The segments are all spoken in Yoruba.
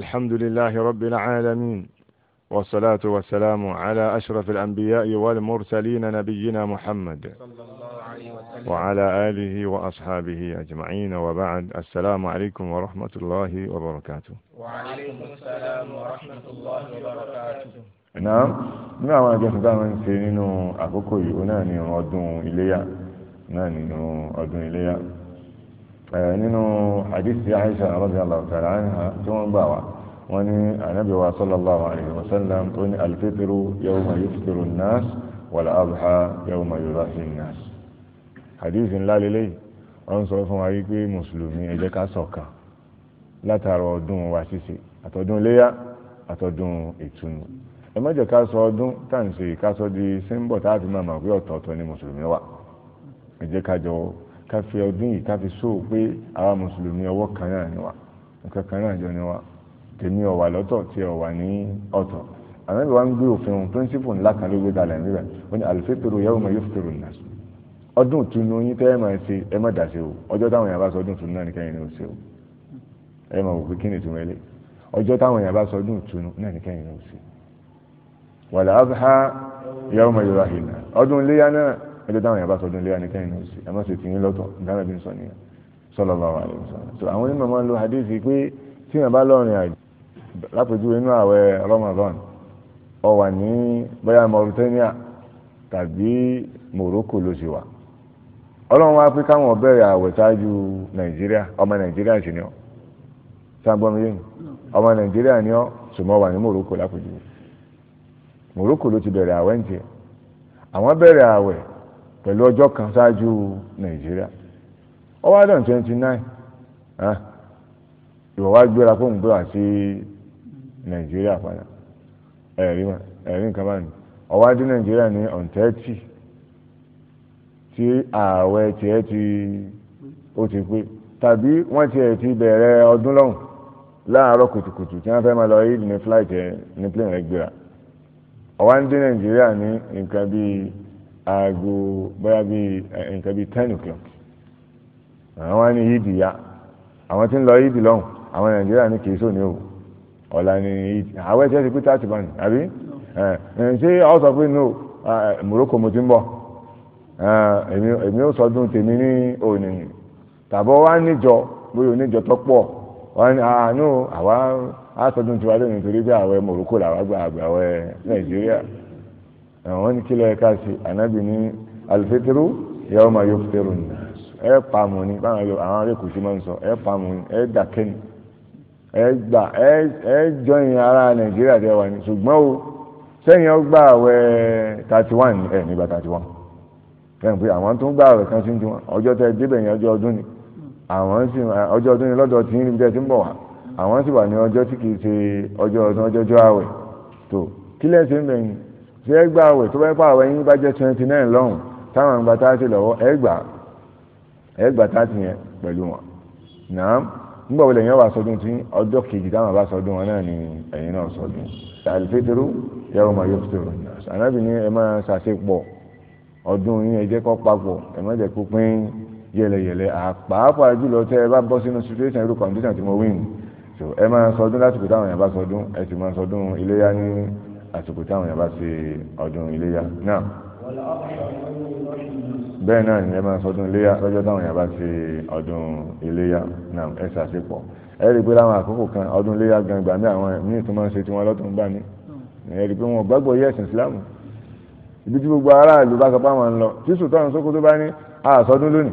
الحمد لله رب العالمين والصلاة والسلام على أشرف الأنبياء والمرسلين نبينا محمد وعلى آله وأصحابه أجمعين وبعد السلام عليكم ورحمة الله وبركاته وعليكم السلام ورحمة الله وبركاته نعم نعم àwọn àjọṣe tá a máa ń ṣe nínú àkókò yìí nínú hadisi Aisha radiyallahu ta'ala anha tí wọ́n gbà wá wọ́n ní ànábì wa sallallahu alayhi wa sallam tó ní alfitiru yawma yuftiru an-nas wal adha yawma yudhi an-nas hadisi ńlá lélẹ́yìí wọ́n sọ fún wa wípé mùsùlùmí ẹ ká ṣọ̀kan látara ọdún wa ṣíṣe àtọdún léyà àtọdún ìtùnú ẹ má jẹ́ ká sọ ọdún tá ká sọ di símbọ̀ tá a fi máa mọ̀ pé ọ̀tọ̀ọ̀tọ̀ ni mùsùlùmí wà ẹ ká jọ kafe fi ọdún yìí fi sóò pé àwa mùsùlùmí ọwọ́ kan náà ni wa nǹkan kan náà jọ ni wa tèmi ọ̀wà lọ́tọ̀ tí ọ̀wà ní ọ̀tọ̀ àwọn ìwà ń gbé òfin ohun píríncípù ńlá kan ló gbé dalẹ̀ níbẹ̀ ní àlùfẹ́tòrò yẹ́wò mọ̀ yóò fẹ́rò nà ọdún yín tẹ́ ẹ máa o ọjọ́ táwọn èèyàn bá sọ ọdún náà nìkan ni ó ṣe o ẹ máa wò pé kí ni ọjọ́ táwọn ẹjọ́ táwọn èèyàn sọdún ilé wa kẹ́yìn náà sí ẹ má ṣe lọ́tọ̀ bí sọ nìyẹn sallallahu alaihi so àwọn onímọ̀ máa ń lo hadith pé tí èèyàn bá lọ́rin àjò lápèjúwe inú ààwẹ̀ Ramadan wà ní bóyá Mauritania tàbí Morocco ló ṣe wà ọlọ́run wá pé káwọn bẹ̀rẹ̀ ṣáájú nàìjíríà ọmọ nàìjíríà sì ni ọ pẹ̀lú ọjọ́ kan ṣáájú nàìjíríà ó wá dàn twenty nine ìwọ wá gbéra fóun gbéra sí nàìjíríà padà ẹ̀rí mà ẹ̀rí nǹkan bá ní ó wá dé nàìjíríà ní on thirty tí ààwẹ̀ tiẹ̀ ti ó ti pé tàbí wọ́n tiẹ̀ ti bẹ̀rẹ̀ ọdún lọ́hùn láàárọ̀ kùtùkùtù tí wọ́n fẹ́ máa lọ yìí ní flight ẹ̀ ní plane rẹ̀ gbéra ó wá ń dé nàìjíríà ní nǹkan bíi. aago bóyá bíi nǹkan bíi ten o'clock àwọn wá ní yídì ya àwọn ti ń lọ yídì lọ́hùn àwọn nàìjíríà ni kìí sóni o ọ̀la àwọn ti bani àbí ṣé ọ sọ pé no Morocco mo ti ń bọ̀ èmi ó sọdún tèmi ní òní tàbọ̀ wá níjọ bóyá oníjọ tó pọ̀ wá ní àánú àwa Morocco gba àgbà àwẹ̀ nàìjíríà. àwọn ní kí ló yẹ ká ṣe ànábì ní alifétérú yàwó máa yọ fẹ́rù nà ẹ pa mọ ni báwọn yọ àwọn arékùn sí máa ń sọ ẹ pa mọ ni ẹ dàkẹ́ ni ẹ gbà ẹ ẹ jọyìn ara nàìjíríà tẹ wà ní ṣùgbọ́n o sẹ́yìn ó gbà wẹ thirty one ẹ nígbà thirty one sẹ́yìn pé àwọn tó ń gbà wẹ kan sí ti wọn ọjọ́ tẹ débẹ̀ yẹn ọjọ́ ọdún ni àwọn sì ọjọ́ ọdún ni lọ́dọ̀ tí níbi tẹ́ ti ń bọ̀ wá àwọn sì wà ní ọjọ́ tí kì í ṣe ọjọ́ ọdún ọjọ́ ọjọ́ àwẹ̀ tó kílẹ̀ ṣe ń bẹ̀yìn ṣé ẹ gbà àwẹ̀ tó bá yẹ pa àwẹ̀ yín bá jẹ́ twenty nine lọ́hùn táwọn àgbà táàtì lọ́wọ́ ẹ gbà ẹ gbà táàtì yẹn pẹ̀lú wọn nàá nígbà wọlé yẹn wà sọdún tí ọjọ́ kejì táwọn bá sọdún wọn náà ni ẹ̀yin náà sọdún àlùfẹ́tẹ̀rù yàrá ọmọ yóò fẹ́tẹ̀rù ànábì ni ẹ máa ṣàṣepọ̀ ọdún yín ẹ jẹ́ papọ̀ ẹ má jẹ́ kó yẹlẹyẹlẹ àpapọ̀ àjùlọ tẹ ẹ bá bọ́ sínú situation irú condition tí mo win so ẹ máa sọdún lásìkò táwọn yẹn bá sọdún ẹ sì máa sọdún iléyà ní àsìkò táwọn èèyàn bá ṣe ọdún iléyà náà bẹ́ẹ̀ náà ni ẹ máa sọdún iléyà lọ́jọ́ táwọn èèyàn bá ṣe ọdún iléyà náà ẹ ṣàṣepọ̀ ẹ rí i pé láwọn àkókò kan ọdún iléyà gan gbà mí àwọn míì tó máa ń ṣe tiwọn lọ́tún gbà mí hmm. ẹ rí i pé wọn gbàgbọ́ yẹ ẹ̀sìn ìsìlámù ibi tí gbogbo aráàlú bá sọ pé àwọn ń lọ tí sùtọ́nù Sókótó bá ní àsọdún lónìí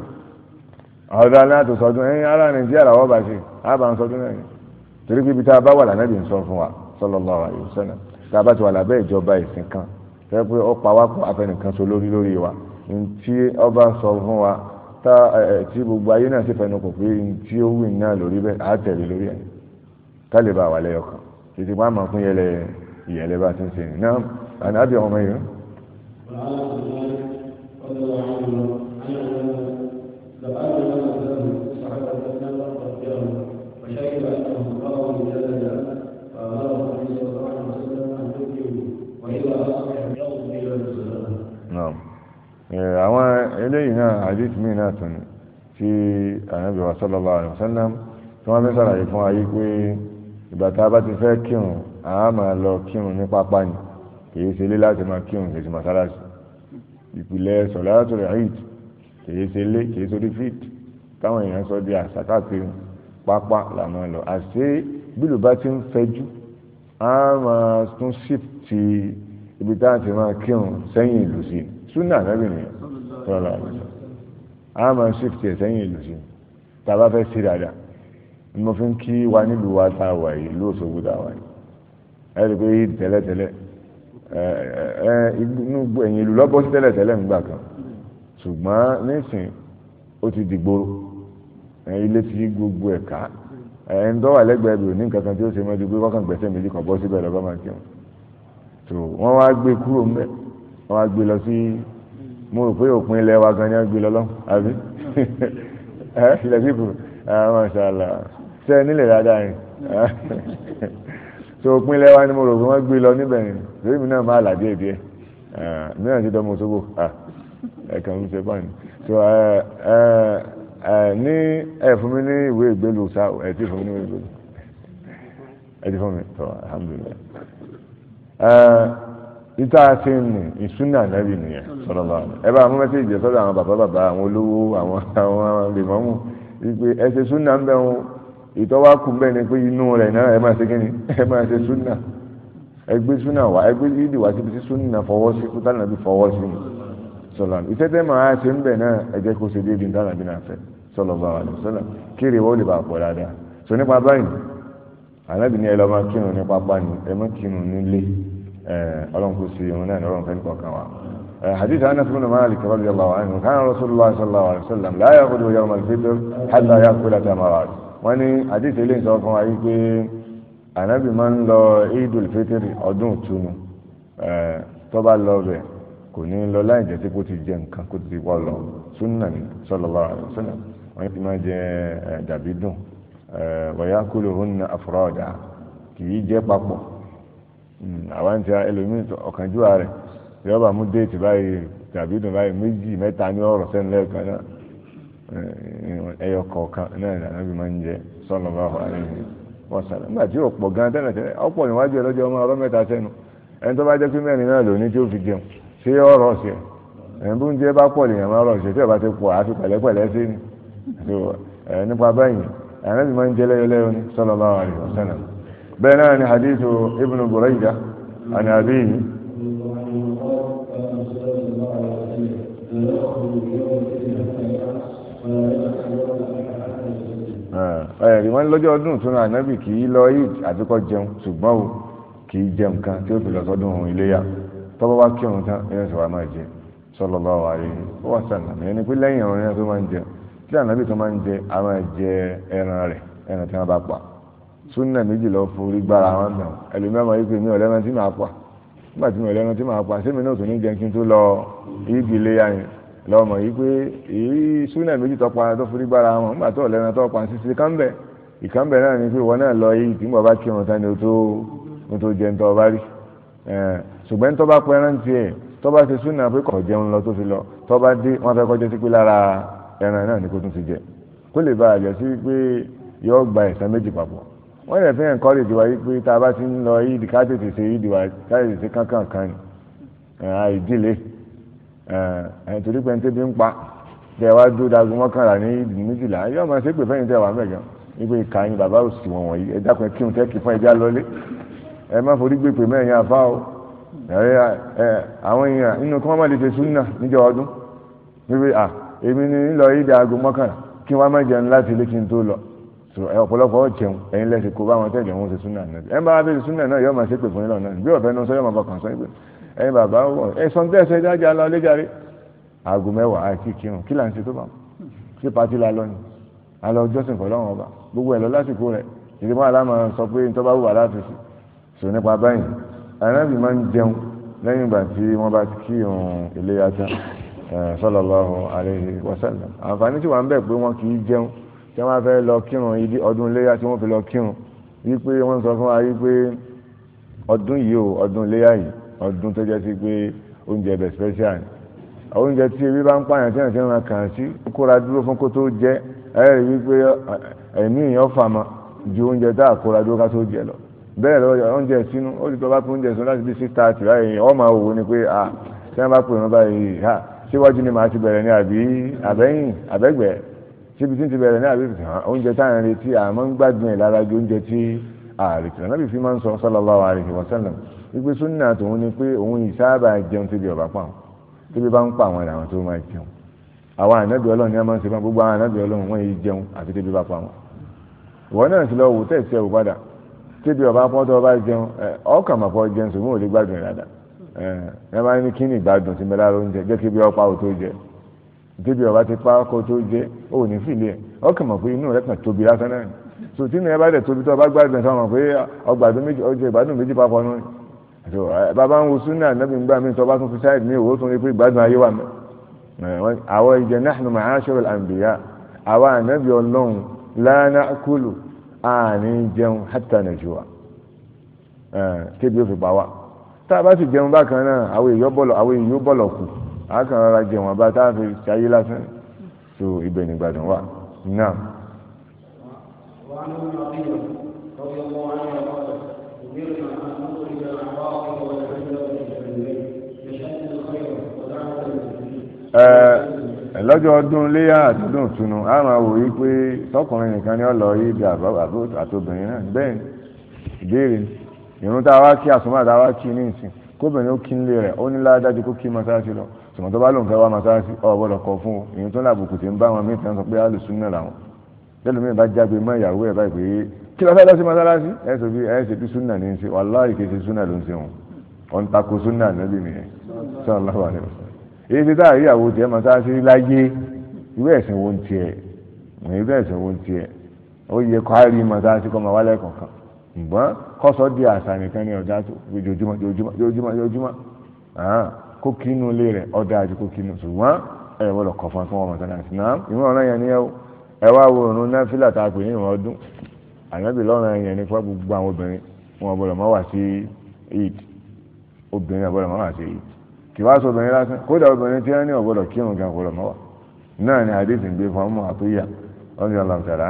ọ̀dọ̀ alẹ́ àti sọdún ẹ̀yin ará Nàìjíríà làwọn bá ṣe àbá ń sọdún náà torí pé tàbá ti wà lábẹ́ ìjọba ìsìn kan tẹ́ pé ó pa wá pọ̀ afẹnìkan so lórí lórí wa ntí ọba sọ fún wa tá ẹ tí gbogbo ayé náà sì fẹnu kò pé ntí ó wù náà lórí bẹ́ẹ̀ á tẹ̀lé lórí ẹ̀ kálí bá wà lẹ́yọ̀ kan títí wọn máa fún yẹlẹ ìyẹlẹ bá ti ń sìn náà àná àbí ọmọ yìí. eléyìí náà àdìsí mi náà tún tí ànábì wa sallallahu alaihi wasallam tí wọ́n fi sàlàyé fún ayé pé ìgbà tá a bá ti fẹ́ kírun a máa lọ kírun ní pápá ni kìí ṣe lé láti máa kírun kìí ṣe mọ́sálásí ìpìlẹ̀ sọ̀láàtò rẹ̀ hìt kìí ṣe lé kìí ṣe fíìt táwọn èèyàn sọ di àṣà káàkiri pápá làwọn lọ àṣé bílù bá ti ń fẹjú a máa tún ṣìfì ti ibi tá ti máa kírun sẹ́yìn ìlú sí súnà sọ̀rọ̀ a máa ń ṣèkìtì ẹ̀ sẹ́yìn ìlú sí tá a bá fẹ́ sí dáadáa ni mo fi ń kí wa nílùú wa tá a wà yìí ìlú Òṣogbo tá a wà yìí ẹ rí i pé tẹ́lẹ̀tẹ́lẹ̀ ẹ ẹ inú ẹ̀yìn ìlú lọ́bọ̀ sí tẹ́lẹ̀tẹ́lẹ̀ ńgbà kan ṣùgbọ́n nísìn ó ti dìgboro ilé ti gbogbo ẹ̀ ká ẹ̀ ń dọ́wà lẹ́gbẹ̀ẹ́ bí òní nǹkan kan tí ó ṣe mọ́jú pé kọ́kàn gbẹ̀sẹ̀ méjì kan bọ́ síbẹ̀ lọ́gọ́ mo rò pé òpin ilẹ̀ wa gan ni wọ́n gbé lọ́lọ́ àbí ẹ ilẹ̀ bíbù àmàṣàlà ṣe nílẹ̀ dáadáa yìí so òpin ilẹ̀ wa ni mo rò pé wọ́n gbé lọ níbẹ̀ yìí lórí mi náà máa là díẹ̀ díẹ̀ mìíràn ti dánmọ̀ sóbò ẹ̀kan ń ṣe báyìí so ní ẹ fún mi ní ìwé ìgbélú sa ẹ ti fún mi ní ìwé ìgbélú ẹ ti fún mi tọ́ alhamdulilayi ìta ṣe ń nì ìsúná ànábì nìyẹn sọlọlọ ẹ bá mú mẹsẹgì sọ́dọ̀ àwọn bàbá bàbá àwọn olówó àwọn àwọn lèmọmù ìpè ẹ ṣe súná ń bẹ wọn ìtọ́wákù bẹ́ẹ̀ ni pé inú rẹ̀ náà ẹ máa ṣe kí ni ẹ máa ṣe súná ẹ gbé súná wá ẹ gbé ìdí wá síbi tí súná fọwọ́ sí kú tánà bí fọwọ́ sí ni sọlọ ìtẹ́tẹ́ máa ṣe ń bẹ̀ náà ẹ kó ṣe déédéé tánà bí náà fẹ́ sọlọ bá wà ní sọlọ kéré wọ́n lè bá pọ̀ nípa báyìí ànábì ni ẹ lọ máa kírun ní pápá Eh, ọlọ́run kò sí ìrún náà ní ọlọ́run fẹ́ẹ́ kọ̀ọ̀kan wa. حديث أنس بن مالك رضي الله عنه كان رسول الله صلى الله عليه وسلم لا يأخذ يوم الفطر حتى يأكل تمرات wọ́n ní hadith ilé ìsọ fún wa yìí pé ànábì máa ń lọ idul fitr ọdún ìtúnu eh, tó bá lọ bẹ̀ kò ní lọ láì jẹ́ tí kò ti jẹ nǹkan kò ti wọ́ lọ sunna ni sallallahu alaihi wasallam wọ́n ti máa jẹ eh, dàbí dùn wa yakuluhunna afrada kì í jẹ́ papọ̀ Mm, àwa ń ti ẹlòmíì ọ̀kánjúwà rẹ̀ yọ bá mú déètì báyìí tàbí dùn báyìí méjì mẹ́ta ní ọ̀rọ̀ sẹ́nu lẹ́ẹ̀kan náà eh, ẹyọ kọ̀ọ̀kan náà ní ànábì máa ń jẹ sallallahu alaihi wasallam nígbà tí ọ̀pọ̀ gan tẹ́lẹ̀ tẹ́lẹ̀ ọ̀pọ̀ níwájú ẹ lọ́jọ́ ọmọ ọ̀rọ̀ mẹ́ta sẹ́nu ẹni tó bá jẹ́ pé mẹ́rin náà tí ó fi jẹun ṣé ọ̀rọ̀ ṣe ń jẹ́ bá pọ̀ lèèyàn máa rọ̀ ṣe tí ọba ti pọ̀ àfi pẹ̀lẹ́pẹ̀lẹ́ sí ni eh, nípa bẹ́ẹ̀ náà hadithu ibn buraida ah, wọn lọ́jọ́ ọdún tún náà nábì kì í lọ yìí jẹun ṣùgbọ́n o kì í jẹun kan tí ó fi lọ sọ́dún ohun iléyà tọ́bọ́ kí tán ẹ̀yẹ́ máa jẹ ẹ̀yẹ́ ni pé lẹ́yìn yẹn a máa jẹ súnà méjì lọ forí gbára mm. wọn nà ẹlòmíràn máa yí pé mi ò lẹ́ran tí màá pa nígbà tí mi ò lẹ́ran tí màá pa sẹ́mi náà tó ní jẹun kí n tó lọ ìdí ilé ya yẹn lọ́mọ yìí pé èyí súnà méjì tó pa tó forí gbára wọn nígbà tó lẹ́ran tó pa sísè kánbẹ̀ ìkánbẹ̀ náà ni pé ìwọ náà lọ yìí tí mo bá kí wọn tán ni o tó o tó jẹun tó bá rí ṣùgbọ́n tó bá pẹ́ rántí ẹ̀ tó bá ṣe súnà pé kò jẹun lọ tó fi lọ tó bá dé wọn fẹ́ kọjá sí lára ẹran náà ni kó tún ti jẹ kó lè bá àjẹsí pé yọ gba ẹ̀san méjì papọ̀ wọ́n yẹ fi hàn kọ́lé ìdìwà yìí pé tá a bá ti ń lọ yìí ká tètè ṣe yìí ìdìwà ká tètè ṣe kankan kan ni àìdílé torí pé ní tẹ́bi ń pa tẹ wá dúró dagun mọ́kànlá ní ìdìbò méjìlá yóò máa ṣe pé fẹ́yìn tẹ wà mẹ́gàn wípé ìka yín bàbá ò sì wọ̀n wọ̀nyí ẹ dákun kí n tẹ́kì fún ẹja lọ́lé ẹ má forí gbé pé mẹ́rin afá o àwọn èèyàn nínú kí wọ́n má lè ṣe súnà níjọ ọdún wípé à èmi ni ń lọ yìí dagun mọ́kànlá kí wọ́n má jẹun láti ilé kí n tó lọ so ẹ ọ̀pọ̀lọpọ̀ jẹun ẹ̀yin lẹ́sẹ̀ kó bá wọn tẹ̀lé wọn ṣe súnà náà ẹ̀ ń bá abẹ́rẹ́ súnà náà yọ̀ọ́ máa ṣe pè fún yín lọ́nà bí ọ̀bẹ náà sọ yọ̀ọ́ máa bọ̀ kàn sọ pé ẹ̀yin bàbá ẹ̀ sọ ní ẹ̀sẹ̀ dájà lọ lẹ́jàre aago mẹ́wàá àti kírun kí là ń ṣe tó bá ṣe pàtí la lọ ni alọ jọ́sìn fọlọ́wọn ọba gbogbo ẹ̀ lọ lásìkò rẹ̀ ìdí mọ́ aláma sọ pé ní tọ́ba wà láti sí sọ nípa báyìí anábì máa ń jẹun lẹ́yìn ìgbà tí wọ́n bá ti kírun iléyà tán sallallahu alaihi wasallam àǹfààní tí wàá ń bẹ̀ pé wọ́n kì í jẹun tí wọ́n fẹ́ lọ kírun ibi ọdún iléyà tí wọ́n fi lọ kírun wípé wọ́n sọ fún wa wípé ọdún yìí o ọdún iléyà yìí ọdún tó jẹ́ sí pé oúnjẹ ẹbẹ̀ special ni oúnjẹ tí ebi bá ń pààyàn tí wọ́n ti ràn kàn sí kóra dúró fún kó tó jẹ́ ẹ̀rí wípé ẹ̀mí èèyàn fàmọ́ ju oúnjẹ tá a kóra dúró ká tó jẹ lọ bẹ́ẹ̀ lọ oúnjẹ sínú ó ti tọ́ bá pín oúnjẹ sínú láti bí six thirty báyìí ọmọ òwò ni pé ah tí wọ́n bá pè wọ́n báyìí ah síwájú ni màá ti bẹ̀rẹ̀ ní àbí àbẹ́yìn àbẹ́gbẹ̀ẹ́ síbi tí ń ti bẹ̀rẹ̀ náà bí tàn oúnjẹ tá à ń retí àmọ́ ń gbádùn ẹ̀ lára ju oúnjẹ tí ààrètì náà bí fi máa ń sọ sallallahu alaihi wasallam wípé súnà tòun ni pé òun ìsáàbà jẹun tíbi ọ̀bá pa wọn tíbi bá ń pa àwọn làwọn tó máa jẹun àwọn ànábì ọlọ́run ni a máa ń ṣe fún gbogbo àwọn ànábì ọlọ́run wọ́n yìí jẹun àti tíbi bá pa wọn. ìwọ náà ti lọ wò tẹ̀sí ẹ̀wò padà tíbi ọ̀bá pọ́n tó bá jẹun ọkàn mà pọ̀ jẹun ṣùgbọ́n ò lè gbádùn ìrádà ẹ̀ ẹ bá ní kí ìgbádùn ti mẹ́lára oúnjẹ jẹ́ kí bí ọ débi ọba ti pa ọkọ tó jẹ ó ní fìlẹ ẹ ọkàn mọ̀ pé inú rẹ kàn tóbi lásán náà ni so tí nìyẹn bá dẹ tóbi tó ọba gbàdùn ẹ sọ mọ̀ pé ọgbàdùn méjì ọjọ́ ìgbádùn méjì papọ̀ nù ni so bàbá ń wo súnà nàbí ń gbà mí sọ bá tún fi sáìdì ní òwò tó ní pé ìgbádùn ayé wà mí àwọn ìjẹ nahnu ma'ashirul anbiya àwa ànábì Ọlọ́run la na'kulu àní jẹun hatta aka kàn rárá jẹ wọn fi ṣayé lásán so ibẹ̀ nígbàdàn wà náà. ẹ lọ́jọ́ ọdún léyà àtúndùn túnú a máa wò yí pé tọkùnrin nìkan ni ó lọ yí ibi àtòbìnrin náà bẹ́ẹ̀ ìbéèrè ìrún tá a wá kí àsùnmọ́ àtàwá kí ní ìsìn kóbìnrin ó kí nílé rẹ̀ ó ní ládájú kó kí mọ́sáàsì lọ sọmọtọ́ bá lòun fẹ́ wá masáàsì ọ̀ gbọ́dọ̀ kọ fún o èyí tó ń làbùkù tí ń bá wọn mìíràn sọ pé alùsùn náà làwọn tẹ́lẹ̀ mi bá jágbe mọ́ ìyàwó ẹ̀ báyìí pé kí lọ́ọ́ fẹ́ lọ sí masáàsì ẹ̀ sọ bí ẹ̀ ṣe bí súnà ní í ṣe wàláhì kì í ṣe súnà ló ń ṣe wọn ọ̀n takò súnà níbi nìyẹn sallallahu alaihi wasallam èyí ti táà ìyàwó tiẹ̀ masáàsì láyé ìwé ẹ̀sìn wo ń tiẹ̀ ìwé ẹ̀sìn wo ń tiẹ̀ ó yẹ kó a rí masáàsì kọ́ máa wálẹ̀ kọ̀ọ̀kan ǹgbọ́n kọ́sọ́ di àṣà nìkan ní ọ̀dà tó ojoojúmọ́ ojoojúmọ́ ojoojúmọ́ ojoojúmọ́ kó kínú ilé rẹ̀ ọ̀dà àti kó kínú ṣùgbọ́n ẹ wọ́lọ̀ kọ̀ fún akínwọ́n mọ̀tánà àti náà ìwọ̀n ọ̀rọ̀ yẹn ni ẹ wá wo òun náà fílà tá a pè ní ìwọ̀n ọdún ànábì lọ́rọ̀ yẹn ni fún gbogbo àwọn obìnrin wọn ọ̀bọ̀lọ̀ mọ́ wà sí eid obìnrin ọ̀bọ̀lọ̀ mọ́ wà sí eid kì wá sọ obìnrin lásán kódà obìnrin tí wọ́n ní ọ̀bọ̀lọ̀ kírun gan ọ̀bọ̀lọ̀ mọ́ wà náà ni hadith ń gbé fún ọmọ àtúnyà ọ̀nà ọ̀làǹtàrà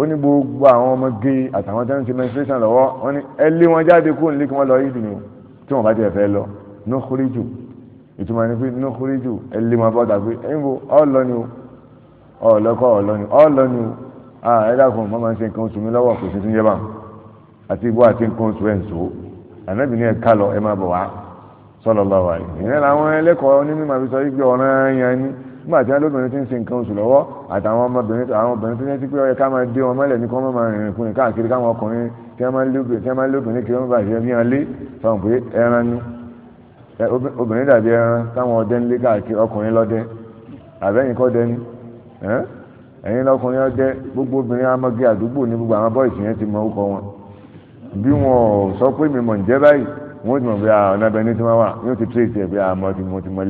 ó ní gbogbo àwọn ọmọge àtàwọn tó ń ṣe menstruation lọ́wọ́ wọ́n ní ẹ lé wọn jáde kó nílé kí wọ́n lọ yídì ni tí wọ́n bá tiẹ̀ fẹ́ lọ no kórìjù ìtumọ̀ ni pé no kórìjù ẹ lé wọn bọ́ta pé ẹ̀yin bo ọ̀ ni o ọ̀ lọ́kọ̀ ni ọ̀ lọ ni o ah ẹ dákun mọ́ máa ń ṣe nǹkan oṣù mi lọ́wọ́ kò sí tún yẹ bá àti ìbú àti nǹkan oṣù ẹ̀ ń so ànábì ní ni nígbà tí wọn lóbìnrin ti ń ṣe nǹkan oṣù lọ́wọ́ àtàwọn ọmọbìnrin àwọn obìnrin tó ní sí pé ó yẹ ká máa dé wọn mọ́lẹ̀ ní kí wọ́n máa rìnrìn kúrin káàkiri káwọn ọkùnrin tí wọ́n máa ń lóbìnrin kí wọ́n bá ṣe bí wọn lé fọwọ́n pé ẹran ni obìnrin dàbí ẹran táwọn ọdẹ ń lé káàkiri ọkùnrin lọ́dẹ àbẹ́yìn kọ́ dẹ ni ẹ̀yin lọ́kùnrin ọdẹ gbogbo obìnrin amagi àdúgbò ní gbogbo àwọn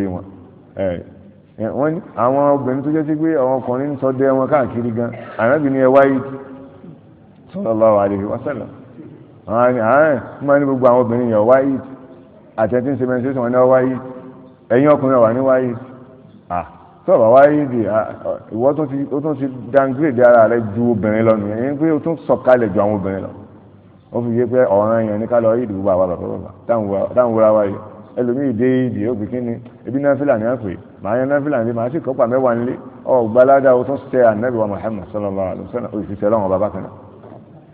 bọ́ìsì wọ́n ní àwọn obìnrin tó jẹ́ sí pé àwọn ọkùnrin ń ṣọdẹ wọn káàkiri gan ànábì ẹ wáyé sallallahu alaihi wasallam àwọn àárín máa ní gbogbo àwọn obìnrin yẹn wáyé àtẹ̀tí ń ṣe mẹ́sẹ̀sì wọn ní wáyé ẹ̀yin ọkùnrin wà ní wáyé à sọ̀rọ̀ wáyé di ìwọ tó tún ti downgrade ara rẹ ju obìnrin lọ nù ẹ̀yin pé o tún sọ̀kalẹ̀ ju àwọn obìnrin lọ ó fi yé pé ọ̀ràn yẹn ní màá yan náfìlà nílé màá sì kọ́pà mẹ́wàá nílé ọ̀ gbalada o tún tẹ ànábì wa Muhammad sallallahu alaihi wasallam òṣìṣẹ́ lọ́wọ́ bàbá kan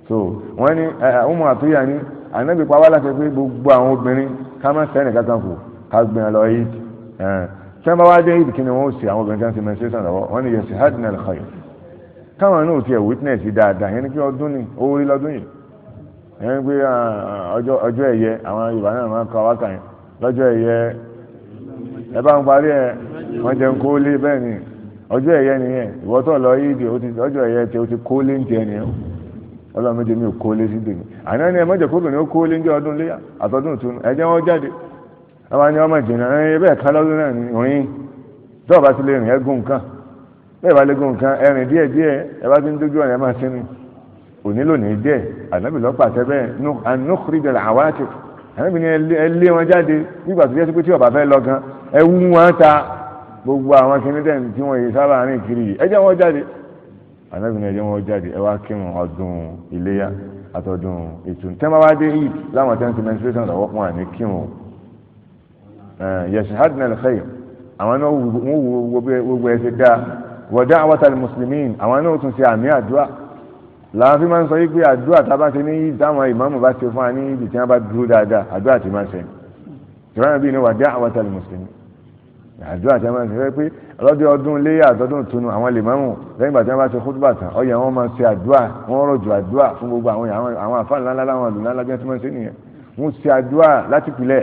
so wọ́n ní ọmọ àtúnyà ní ànábì pa wá láti pé gbogbo àwọn obìnrin ká má sẹ́ni kankan fò ká gbìyàn lọ yìí tí wọ́n bá wá dé ìdí kí ni wọ́n ó sì àwọn obìnrin kan ti menstruation lọ́wọ́ wọ́n ní yẹn sì hadna al-khayr káwọn náà ti ẹ̀ witness dáadáa yẹn ni pé ọdún ni owó rí lọ́dún yìí yẹn ni pé ọjọ́ ẹ̀yẹ àwọn Yorùbá náà máa ń kọ wákà yẹn lọ́jọ́ ẹ bá ń parí ẹ̀ wọ́n jẹun kó lé bẹ́ẹ̀ ni ọjọ́ ẹ̀yẹ nìyẹn ìwọ́tọ̀ lọ yí di ọjọ́ ẹ̀yẹ tí o ti kó lé ń tiẹ̀ nìyẹn ọlọ́run méje mi ò kó lé sí tèmi àná ni ẹ mọ̀jẹ̀ kó bìnrin ó kó lé ń jẹ́ ọdún léyà àtọ́dún ìtùnú ẹ jẹ́ wọ́n jáde àwọn ni ọmọ ìjìnà ẹ bẹ́ẹ̀ ká lọ́dún náà ní orin tó bá ti lè rìn ẹgùn nǹkan bẹ́ẹ̀ bá lè gùn nǹkan ẹrìn díẹ̀ díẹ̀ ẹ bá ti ń dójú ọ̀rẹ́ máa sínú òní lónìí díẹ̀ ànábì lọ́pàṣẹ bẹ́ẹ̀ anúkúrídẹ̀lẹ̀ àwátì ànábì ni ẹ lé wọn jáde nígbà tó jẹ́ sí pé tí ọba fẹ́ lọ gan ẹ wú wọn ta gbogbo àwọn kìnnìtẹ̀ tí wọ́n yìí sábà rìn kiri yìí ẹ jẹ́ wọn jáde ànábìnrin ẹ jẹ́ wọn jáde ẹ wá kírun ọdún iléyà àtọdún ìtùnú tẹ́ máa wá dé yìí láwọn tẹ́ ń ti menstruation lọ́wọ́ wọn àní kírun yẹ̀sì hadna al-khayr àwọn náà wọ́n wo gbogbo ẹ̀ dá wọ̀dá àwọ̀tàlì mùsùlùmí àwọn náà tún ṣe àmì àdúrà làwọn fi máa ń sọ yìí pé àdúrà tá ṣe ní yìí táwọn ìmáàmù bá ṣe fún wa ní ibi tí wọ́n bá dúró dáadáa àdúrà ti máa ṣe tìrọ̀nà bíi ní wọ̀dá mùsùlùmí àdúrà tí a máa ń fẹ́ pé ọlọ́dẹ ọdún léyà àtọ́dún tunu àwọn lèmọ́mù lẹ́yìn ìgbà tí wọ́n bá ṣe khutbah tán ọyẹ wọn máa ṣe àdúrà wọn rọ̀jò àdúrà fún gbogbo àwọn àwọn àfáàní ńláńlá láwọn ìlú ńláńlá bí wọ́n ti máa ń ṣe nìyẹn wọ́n ṣe àdúrà láti pilẹ̀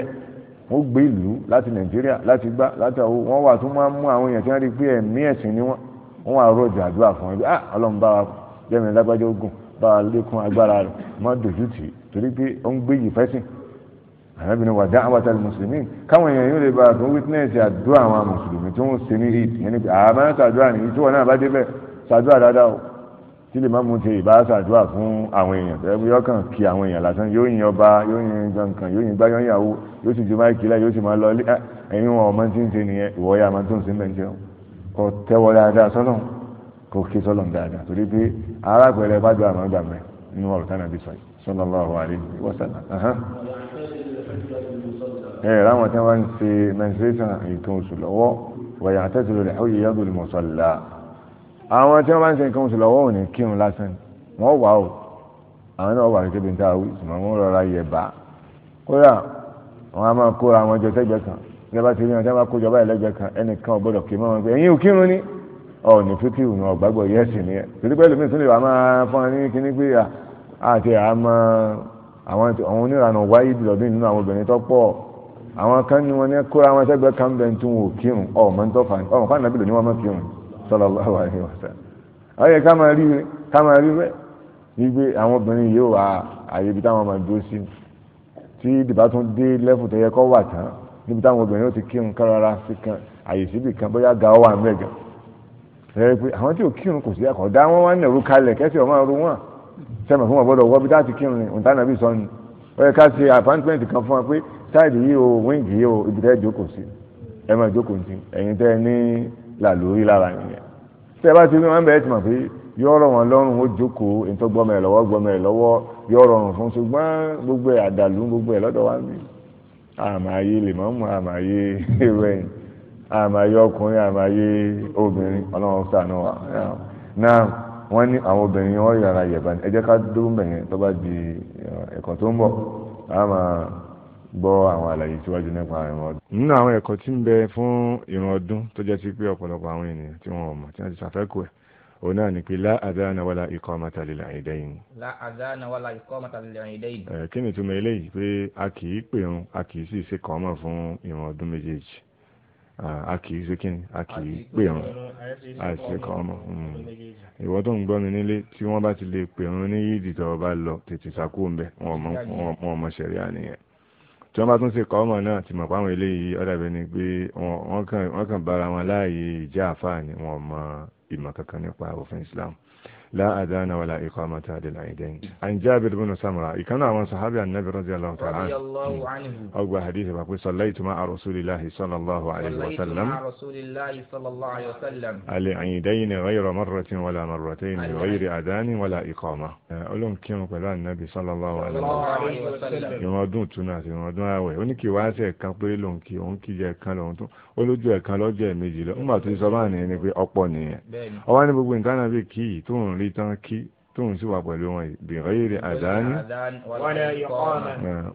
wọ́n gbé ìlú láti nàìjíríà láti gbá láti àwọn wọn wà tó máa ń mú àwọn èèyàn tí wọ́n rí pé ẹ̀mí ẹ̀sìn ni wọ́n wọ́n wà rọ̀jò àdúrà fún ẹbí ah ọlọ́run bá wa jẹ́mi lágbájá ogun bá wa lékún agbára rẹ̀ má dòjú torí pé ó ń gbé yìí fẹ́sìn àyàbí ni wàdà àwàtà mùsùlùmí káwọn èèyàn yóò lè bá àtún wítínẹ̀sì àdúrà àwọn mùsùlùmí tó ń ṣe ní ìd yẹn ni àmọ́ ṣàdúrà nìyí tí wọn náà bá débẹ̀ ṣàdúrà dáadáa o tí lè má mú ti ìbá ṣàdúrà fún àwọn èèyàn tó yẹ yọ kàn kí àwọn èèyàn lásán yóò yin ọba yóò yin gankan yóò yin gbá yóò yàwó yóò sì ju máa kílẹ̀ yóò sì máa lọ ah, ẹ̀yin wọn ọmọ tí ń ṣe ẹ̀ eh, ráwọn tí wọ́n ń ṣe menstruation nǹkan oṣù lọ́wọ́ wọ̀yà àtẹ́sílò rẹ̀ ó yẹ yàgò lè mọ̀sọ̀lá àwọn tí wọ́n bá ń ṣe nǹkan oṣù lọ́wọ́ ò ní kírun lásán wọ́n wà ó àwọn náà wà kékeré níta àwí ṣùgbọ́n wọ́n rọra yẹ̀ bá kódà wọn a máa kóra àwọn ọjọ́ tẹ́gbẹ́ kan ní bá ti rí wọn tí wọ́n bá kó jọba ẹlẹ́gbẹ́ kan ẹnìkan ò gbọ́dọ̀ kí mọ́ wọn pé ẹ̀yin ò kírun ni ọ̀ ní fífi ìwùn ọ̀gbàgbọ́ yẹ́sì ni ẹ̀ torí pẹ́ẹ́lú mi tún lè wà máa fọ́n ní kíní pé àti àmọ́ àwọn àwọn oníranà wáyé dìlọ́dún nínú àwọn obìnrin tó pọ̀ àwọn kan ní wọn ní kóra wọn sẹ́gbẹ́ kan bẹ́ẹ̀ tí wọn ò kírun ọmọ ń tọ́fà ọmọ kan nàbìlò ní wọn mọ́ kírun sallallahu alaihi wasallam. ọyẹ ká máa rí ká máa rí bẹ́ẹ̀ wípé àwọn obìnrin yìí wà àyè ibi táwọn máa dúró sí tí ìdìbò tún dé lẹ́fù tó yẹ kó wà tán níbi táwọn obìnrin ó ti kírun kárara sí kan àyè síbì kan bóyá ga ọ wà mẹ́gàn. ẹ pé àwọn tí ò kírun kò sí àkọ́dá wọn wá sẹ́mi fún ọ̀bọ̀dọ̀ wọ́n bí táàtì kírun ìtànà bí sọ́ni ó yẹ ká ṣe àpáńtímẹ́ǹtì kan fún wa pé sáìdì yìí o wíńgì yìí o ibùdó ìjókòó sí ẹ máa jókòó sí ẹ̀yin tẹ́ ẹ ní làlórí lára nìyẹn tẹ́ ẹ bá ti rí wọn bẹ́ẹ̀ ti mọ̀ pé yọ ọ̀rọ̀ wọn lọ́rùn ó jókòó èyí tó ẹ̀ lọ́wọ́ gbọ́mọ ẹ̀ lọ́wọ́ yọ ọ̀rọ̀ fún ṣùgbọ́n gbogbo ẹ̀ wọ́n ní àwọn obìnrin wọ́n yàrá yẹ̀bá ni ẹ ká dúró mẹ̀yẹn tó bá di ẹ̀kọ́ tó ń bọ̀ á máa gbọ́ àwọn àlàyé síwájú nípa ìrun ọdún. nínú àwọn ẹ̀kọ́ tí ń bẹ fún ìrun ọdún tó jẹ́ sí pé ọ̀pọ̀lọpọ̀ àwọn ènìyàn tí wọ́n mọ̀ tí wọ́n ti ṣàfẹ́kù ẹ̀ òun náà ni pé láàdáná wàlá ikọ̀ mọ́tàlélà ìdẹ́yìn. láàdáná wàlá ikọ̀ mọ́tàlélà ìdẹ́yìn. kí ni ìtumọ̀ eléyìí pé a kì í pèrun Ah, a kì í ṣe kí ni a kì í pè wọn àìsí kan ọmọ hmm. ìwọ tó ń gbọ́ mi nílé tí wọ́n bá ti lè pè wọn ní yídì tó bá lọ tètè sàkó ń bẹ wọn ọmọ ṣẹ̀ríà nìyẹn tí wọ́n bá tún ṣe kọ́ ọmọ náà ti mọ̀ pé àwọn eléyìí ọ̀dàbẹ̀ ni pé wọ́n kàn bára wọn láàyè ìjà àfáà ni wọn mọ ìmọ̀ kankan nípa òfin Islam. لا أذان ولا إقامة العيدين. عن جابر بن سمرة كان عن صحابي النبي رضي الله تعالى عنه رضي الله عنه أو حديث بقول صليت مع رسول الله صلى الله عليه وسلم صليت مع رسول الله صلى الله عليه وسلم العيدين غير مرة ولا مرتين غير أذان ولا إقامة أولم كم قال النبي صلى الله عليه وسلم يمدون أدون تناسي يوم أدون أوي ونكي واسع كان قيل ونكي ونكي olójú ẹ̀kan lọ́jọ́ ẹ̀mejì lọ nígbà tó sọ bá nìyẹn ni pé ọ̀pọ̀ nìyẹn ọwọ́ ní gbogbo nǹkan náà bí kí tó ń rí tán kí tó ń sì wà pẹ̀lú wọn bìrẹ́ èrè àdáni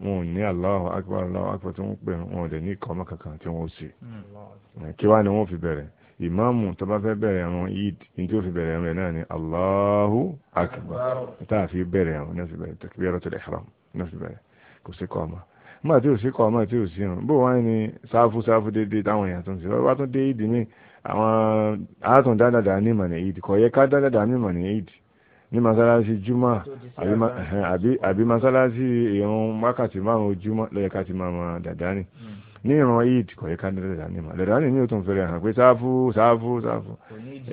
wọn ò ní Allahu akbar Allahu akbar tó ń pè wọn ò dẹ̀ ní ìkọ́mọ kankan tí wọ́n ó ṣe hmm. kí wá ni wọ́n fi bẹ̀rẹ̀ ìmáàmù tó bá fẹ́ bẹ̀rẹ̀ ẹ̀rùn yìí ní tí ó fi bẹ̀rẹ̀ rẹ̀ náà ni Allahu akbar táà fi bẹ̀rẹ̀ ẹ̀rùn náà fi bẹ̀rẹ̀ takbiratul ihram náà fi bẹ̀rẹ̀ kò sí kọ́ ọmọ mọ̀ tí ò sí kọ́ mọ̀ tí ò sí rùn bó wáyé ni sáfù sáfù déédéé táwọn èèyàn tó ń ṣe wọ́n bá tún dé ìdí mi àwọn àátùn dáadáa ní ìmọ̀ ní ìdí kò yẹ ká dáadáa ní ìmọ̀ ìdí ní masalasi juma àbí masalasi ìrun wákàtí márùn-ún juma lọ́yẹ̀ká ti máa mọ dàdá ni. Hmm. ní ìran eid kò yẹ ká ní ma lẹ́dà ní ní o tún fẹ́rẹ̀ hàn pé sáfù sáfù sáfù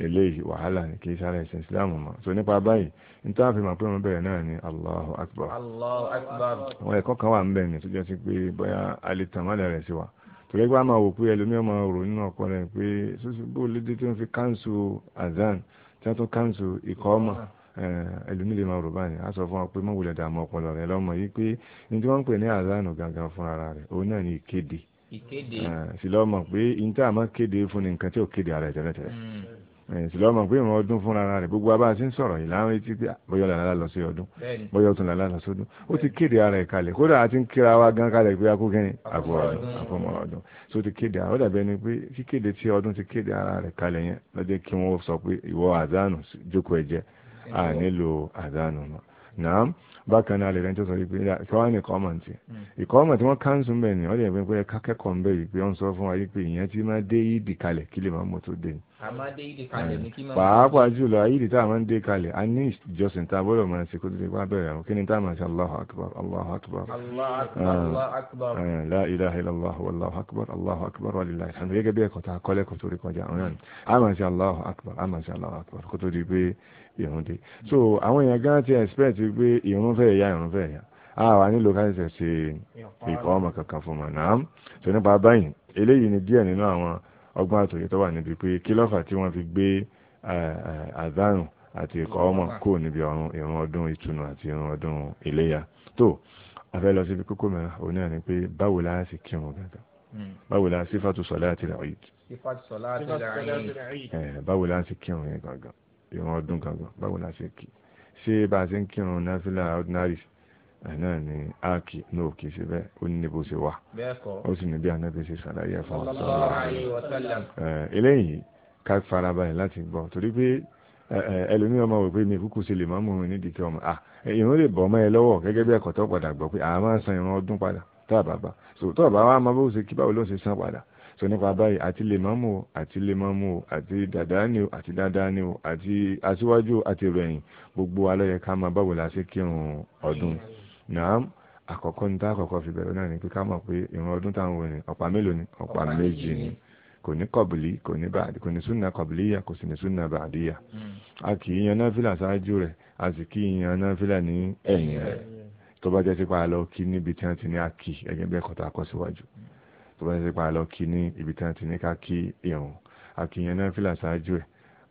eléyìí wàhálà ni kì í sára ẹ̀sìn ìsìláàmù mọ́ so nípa báyìí níta fi ma pé wọ́n bẹ̀rẹ̀ náà ni Allahu Akbar wọn ẹ̀kọ́ kan wà ń bẹ̀ tó jẹ́ sí pé bóyá alẹ́ tàn má lẹ́rẹ̀ sí wa máa wò pé rò nínú ọkọ rẹ̀ pé bó lédè a sọ fún pé dààmú ọpọlọ rẹ̀ lọ́mọ yìí pé ní tí ìkéde. sílọ́ mọ̀ pé ìntà máa kéde fún ni nǹkan tí ò kéde ara hmm. ẹ̀ tẹ́lẹ̀tẹ́lẹ̀ sílọ́ mọ̀ pé ìrún ọdún fúnra rẹ̀ gbogbo abá ti ń sọ̀rọ̀ ìlànà etí pé ah, bóyá làlá lọ sí ọdún ara ẹ̀ kalẹ̀ a ti ń kíra wa gan kalẹ̀ pé akó kẹ́ni àfọmọ ọdún tó ti kéde ara ó dàbí bákan náà lẹ́yìn tó sọ yìí pé ìkọ́wá ní ìkọ́ ọmọ ti mm. ìkọ́ ọmọ tí wọ́n kánṣu mbẹ̀ ni wọ́n lè pẹ́ kẹ́kọ̀ọ́ mbẹ̀ yìí pé wọ́n sọ fún wa yìí pé ìyẹn ti máa dé yìí dìkalẹ̀ kí lè máa mọ́tò dé ni pàápàá jùlọ ayídi tá a máa ń dé kalẹ̀ a ní ìjọsìn tá a gbọ́dọ̀ máa ṣe kó tó ti pa bẹ̀rẹ̀ àwọn kí ni tá a máa ṣe Allahu akbar Allahu akbar ah, ah, la ilaha illallah akbar Allahu akbar walillahi alhamdu gẹ́gẹ́ bí ẹ̀kọ́ tá a kọ́ lẹ́kọ̀ọ́ tó rí kọjá àwọn náà a máa ṣe Allahu akbar a máa ṣe Allahu akbar kó tó di pé ìrun dé so àwọn èèyàn gan ti expect pé ìrun fẹ́ ya ìrun fẹ́ ya a wà nílò káṣíṣe ṣe ìkọ́ ọmọ kankan fún mọ̀ ọgbọ́n àtòyè tó wà níbi pé kí ló fà tí wọ́n fi gbé àdánù àti ikọ̀ ọmọ kò níbi ọ̀run ìrun ọdún ìtùnú àti ìrun ọdún iléyà tó afẹ́ lọ síbi kókó mẹ́ra òun náà ni pé báwo la sì kírun gàgà hmm. báwo la sífàtú sọ̀láàtì Eid báwo la sì kírun yẹn gàgà ìrun ọdún gàgà báwo la sì kí ṣé bá a ṣe ń kírun náfìlà ordinary náà ni áàkì náà kì í ṣe bẹ́ẹ̀ ó ní bó ṣe wà ó sì ní bí anábì ṣe ṣàlàyé ẹ̀fọn eléyìí ká farabalẹ̀ láti gbọ́ torí pé ẹlòmí ọmọ wò pé mi kúkú ṣe lè máa mú mi nídìí tí ọmọ à ìrún lè bọ́ ọmọ ẹ lọ́wọ́ gẹ́gẹ́ bí ẹ̀kọ́ tó padà gbọ́ pé àá máa san ìrún ọdún padà tó àbàbà so tó àbá wa máa bó ṣe kí báwo ló ṣe san padà so nípa báyìí àti lè máa mú o àti lè máa mú o àti dàdá ni o àti dáadáa ni o àti aṣíwájú àti ìròyìn gbogbo alẹ́ yẹ ká máa báwo la ṣe kírun ọdún nàám àkọ́kọ́ ní tá àkọ́kọ́ fi bẹ̀rẹ̀ náà ni pé ká mọ̀ pé ìran ọdún táwọn wò ní ọ̀pá mélòó ni ọ̀pá méjì ni kò ní kọ̀bìlì kò ní bàdí kò ní súnà kọ̀bìlìyà kò sì ní súnà bàdíyà hmm. a kì í yan náfìlà ṣáájú rẹ̀ a sì kì í yan náfìlà ní ẹ̀yìn rẹ̀ tó bá jẹ́ sípa lọ kí níbi tí wọ́n ti ní a kì ẹ̀yìn bẹ́ẹ̀ kọ́ta kọ́ síwájú hmm. tó bá jẹ́ sípa lọ kí ní ibi tí wọ́n ti ní ká kí ìrùn a kì í yan náfìlà ṣáájú rẹ̀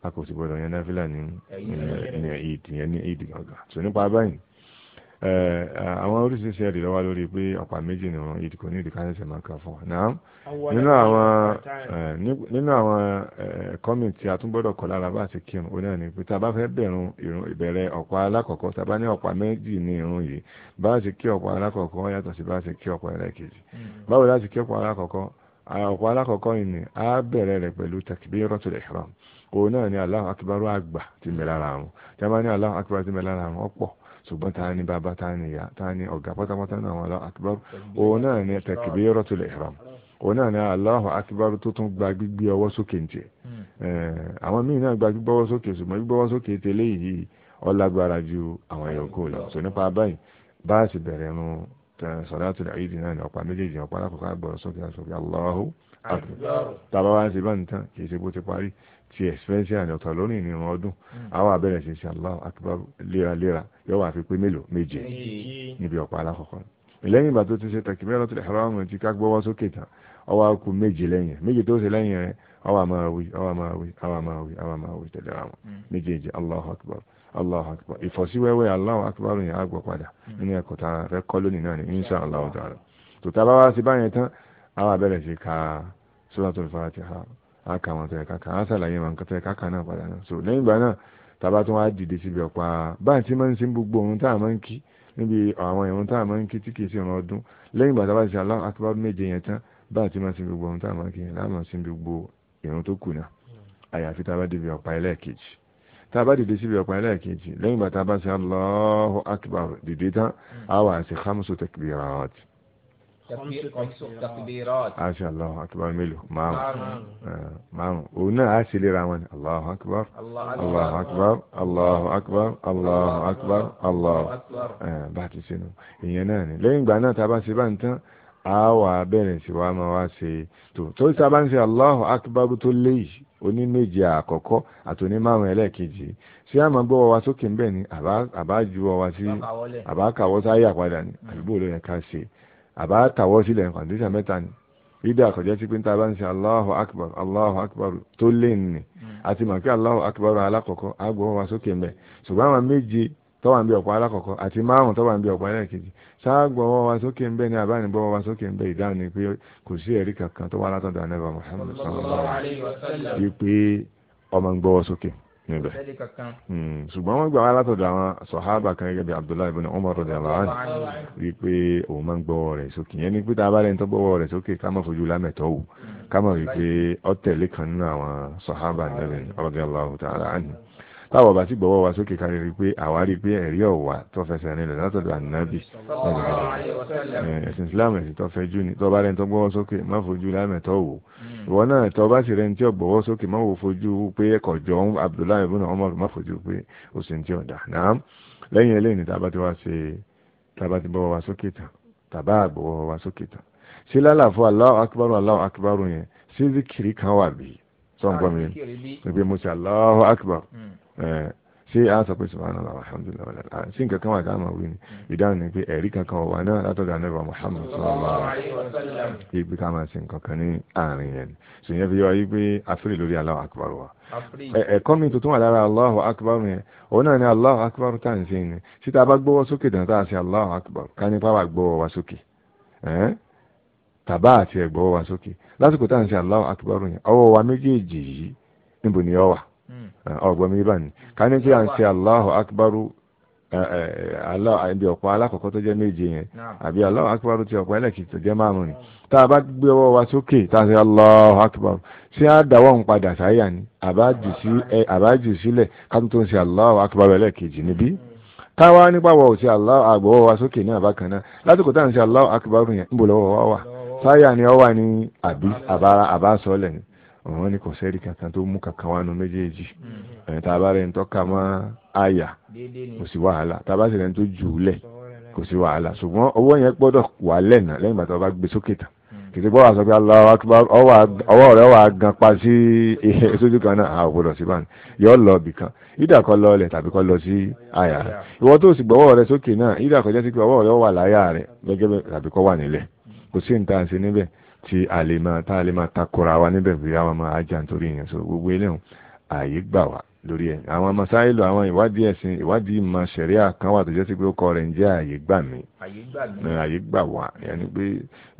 a kò sì gbọdọ̀ yan náfìlà ní ìdìyẹn ní ìdìyàn gan àwọn oríṣiríṣi ẹ̀rí lọ́wọ́ lórí pé ọ̀pá méjì ni wọn ìdìkò ní ìdìkà ṣẹ̀ṣẹ̀ máa kà fún wa náà nínú àwọn nínú àwọn ẹ̀kọ́mì tí a tún gbọ́dọ̀ kọ́ lára bá ti kírun ó náà ni pé tá a bá fẹ́ bẹ̀rùn ìrun ìbẹ̀rẹ̀ ọ̀pá alákọ̀ọ́kọ́ tá a bá ní ọ̀pá méjì ní ìrun yìí bá a ti kí ọ̀pá alákọ̀ọ́kọ́ yàtọ̀ sí bá a ti kí ọ̀pá ẹlẹ́kejì hmm. báwo láti kí ọ̀pá alákọ̀ọ́kọ́ ọ̀pá alákọ̀ọ́kọ́ yìí ni a bẹ̀rẹ̀ rẹ̀ pẹ̀lú takbiratul ihram òun náà ni Allahu akbar àgbà ti mẹ́ lára àwọn tí a bá ní Allahu akbar ti mẹ́ lára àwọn ọ̀pọ̀ ṣùgbọ́n ta ni bàbá ta ni ìyá ta ni ọ̀gá pátápátá náà wọn lọ akbar òun náà ni takbiratul ihram òun náà ni Allahu akbar tó tún gba gbígbé ọwọ́ sókè ń tiẹ̀ hmm. àwọn míì náà gba gbígbé ọwọ́ sókè ṣùgbọ́n gbígbé ọwọ́ sókè tẹ́lẹ̀ yìí ọlágbára ju àwọn yòókù lọ sọ nípa báyìí bá a sì bẹ̀rẹ̀ nu salatul Eid náà ni ọ̀pá méjèèjì ọ̀pá alákọ̀ọ́kọ́ àgbọ̀rọ̀ sókè àsọ̀kẹ́ Allahu akbar tàbá wá ń ṣe bá ń tán kì í ṣe bó ti parí ti ẹ̀sìpẹ́ńṣẹ́ àná ọ̀tọ̀ lónìí ìrìn ọdún àwọn abẹ́rẹ́ ṣe ṣe Allahu Akbar léraléra yóò wá fi pé mélòó méje níbi ọ̀pá alákọ̀ọ́kọ́ lẹ́yìn ìgbà tó ti ṣe takbiratul ihram ti ká gbọ́wọ́ sókè tán ó wá kù méje lẹ́yìn méje tó ṣe lẹ́yìn rẹ̀ ó wá máa wí ó wá máa wí ó wá máa wí ó wá máa wí tẹ̀lé ra wọn hmm. méjèèjì Allahu Akbar Allahu Akbar ìfọ̀síwẹ́wẹ́ Allahu Akbar yẹn á gbọ́ padà hmm. nínú ẹ̀kọ́ tá a fẹ́ kọ́ lónìí náà ní insha Allah ta'ala tòtá bá wá sí báyẹn tán àwọn abẹ́rẹ́ ṣe ka Suratul Fatiha àkà wọn tó yẹ káka á sàlàyé wọn nǹkan tó yẹ káka náà padà náà so lẹ́yìn ìgbà náà tàbá tó wá dìde síbi ọ̀pá báyìí máa ń ṣe gbogbo ohun tá a máa ń kí níbi àwọn ìrun tá a máa ń kí tí kì í ṣe ọ̀nà ọdún lẹ́yìn ìgbà tàbá ti ṣe Allahu Akbar méje yẹn tán báyìí tí máa ń ṣe gbogbo ohun tá a máa ń kí yẹn láàmú sí gbogbo ìrun tó kù náà àyàfi tàbá dìde ọ̀pá ẹlẹ́ẹ̀kejì tàbá dìde síbi ọ̀pá ẹlẹ́ẹ̀kejì lẹ́yìn ìgbà tàbá ṣe Allahu aṣọ alahu akibar mélòó márùn márùn òun náà á ṣe lera wọn ni alahu akibar alahu akibar alahu akibar alahu akibar alahu bá a ti ṣe nù ìyẹn náà ni lẹ́yìn ìgbà náà tá a bá ṣe bá ń tán a wà bẹ̀rẹ̀ sí wa máa wá ṣe tó tó tá a bá ń ṣe alahu akibar tó léyìí oní méje àkọ́kọ́ àti oní márùn ẹlẹ́ẹ̀kejì ṣé a gbọ́wọ́ wa sókè ń bẹ̀ ni àbá ju ọwa sí àbá kàwọ́ sáyà padà ni àdúgbò ló yẹ ká ṣe. aba tàwọ́ sílẹ̀ kọ̀ǹdíṣà mẹ́ta ni ìdá àkọ́jẹ́ sí pé ń ta bá ń ṣe Allahu Akbar Allahu Akbar tó lé nì àti hmm. mọ̀ pé Allahu Akbar alákọ̀ọ́kọ́ agbọ̀wọ́ wa sókè mbẹ̀ ṣùgbọ́n àwọn méje tọ́wà ń bí ọ̀pọ̀ alákọ̀ọ́kọ́ àti márùn tọ́wà ń bí ọ̀pọ̀ sókè ni sókè ìdáhùn ni pé kò sí ẹ̀rí kankan tó níbẹ̀ hmm, ṣùgbọ́n wọ́n gbà wá látọ̀dọ̀ àwọn sọ̀hábà kan gẹ́gẹ́ bí Abdullahi ibn Umar radiyallahu anhu wípé òun máa ń gbọ́wọ́ rẹ̀ sókè yẹn ni pé tá a bá rẹ̀ ń tọ́ gbọ́wọ́ rẹ̀ sókè ká má fojú lámẹ̀tọ́ wò ká má wípé ọ̀tẹ̀lé kan nínú àwọn sọ̀hábà níbẹ̀ radiyallahu ta'ala anhu táwọn bá ti gbọ́wọ́ wa sókè kárí rí pé àwárí pé ẹ̀rí ọ̀wà tó fẹsẹ̀ nílẹ̀ látọ̀dọ̀ ànábì ẹ̀sìn Islam ẹ̀sìn tó fẹ́ jù ní tó bá rẹ̀ ń tọ́ gbọ́wọ́ sókè má fojú lámẹ̀tọ́ wò ìwọ náà tọ́ bá ntị rẹ ní tí ò gbọ́wọ́ sókè má wò fojú pé ẹ̀kọ́ Abdullahi ibùnà ọmọ rẹ̀ fojú pé ó sì ń tí ọ̀dà náà lẹ́yìn eléyìí tá a bá ti wá ṣe tá a wa sókè tán tàbá wa sókè tán ṣé lálàfo yẹn ṣé zikiri kan wà bí sọ̀ǹgbọ́n mi pé mo ṣé a sọ pé subhanallah alhamdulillah wàlá ṣé nǹkan kan wà dáhùn àwọn wíni ìdáhùn ni pé ẹ̀rí kankan wà náà látọ̀dọ̀ anábà Muhammad sallallahu alaihi wasallam ibi ká máa ṣe nǹkan kan ní àárín yẹn ṣe yẹn fi yọ wáyé pé àfírí lórí Allahu akbar wa ẹ̀kọ́ mi tuntun wà lára Allahu akbar yẹn òun náà ni Allahu akbar tá à ń ṣe ni síta bá gbọ́wọ́ sókè dàn tá à ṣe akbar ká nípa wà gbọ́wọ́ wa sókè tàbá àti ẹ̀gbọ́wọ́ wa sókè lásìkò tá à ń ṣe Allahu akbar yẹn ọwọ́ wa méjèèjì ọgbọm mi bá ní ká ní ń ṣe Allahu akbaru eh, eh, eh, Allah ibi alákọ̀ọ́kọ́ tó jẹ́ méje yẹn àbí ti ọ̀pá ẹlẹ́kì tó jẹ́ márùn ni tá a bá gbé ọwọ́ wa sókè tá a ṣe Allahu akbar ṣé a dáwọ́ ń padà sáyà ni àbá jù sílẹ̀ tó ń ṣe Allahu akbar níbí táwa nípa wọ̀ ṣe wa sókè ní àwọn ní kò sẹ́rí kankan tó mú kankan wá nu méjèèjì mm-hmm. ẹ̀yìn tá a bá rẹ̀ ń tọ́ka mọ́ àyà kò sí wàhálà tá a bá sì rẹ̀ ń tó jù ú lẹ̀ kò sí wàhálà ṣùgbọ́n ọwọ́ yẹn gbọ́dọ̀ wà lẹ́nà lẹ́yìn bàtà ọba gbé sókè tán mm. kìtì bọ́ wàá sọ pé Allahu Akbar ọwọ́ mm. rẹ̀ wàá gan pa sí ihe sójú kan náà àwọn òbòdò sí báyìí yọ lọ bì kan ìdà kọ lọlẹ̀ tàbí kọ lọ sí àyà rẹ̀ ìwọ tó sì gbọ́wọ́ rẹ̀ sókè náà ìdà kọjá sí pé ọwọ́ rẹ̀ wà láyà rẹ̀ gẹ́gẹ́ tàbí kọ wà nílẹ̀ mm. kò sí nǹkan àṣẹ níbẹ̀ tí a ta máa tá a lè máa takora wa níbẹ̀ bí àwọn ọmọ ajá nítorí ìyẹn so gbogbo eléhùn ààyè gbà wá lórí ẹ̀ àwọn masáìlú àwọn ìwádìí ẹ̀sìn ìwádìí ìmọ̀ ṣẹ̀ríà kan wà tó jẹ́ sí pé ó kọ rẹ̀ ń jẹ́ ààyè gbà mí ààyè gbà wá yẹn pé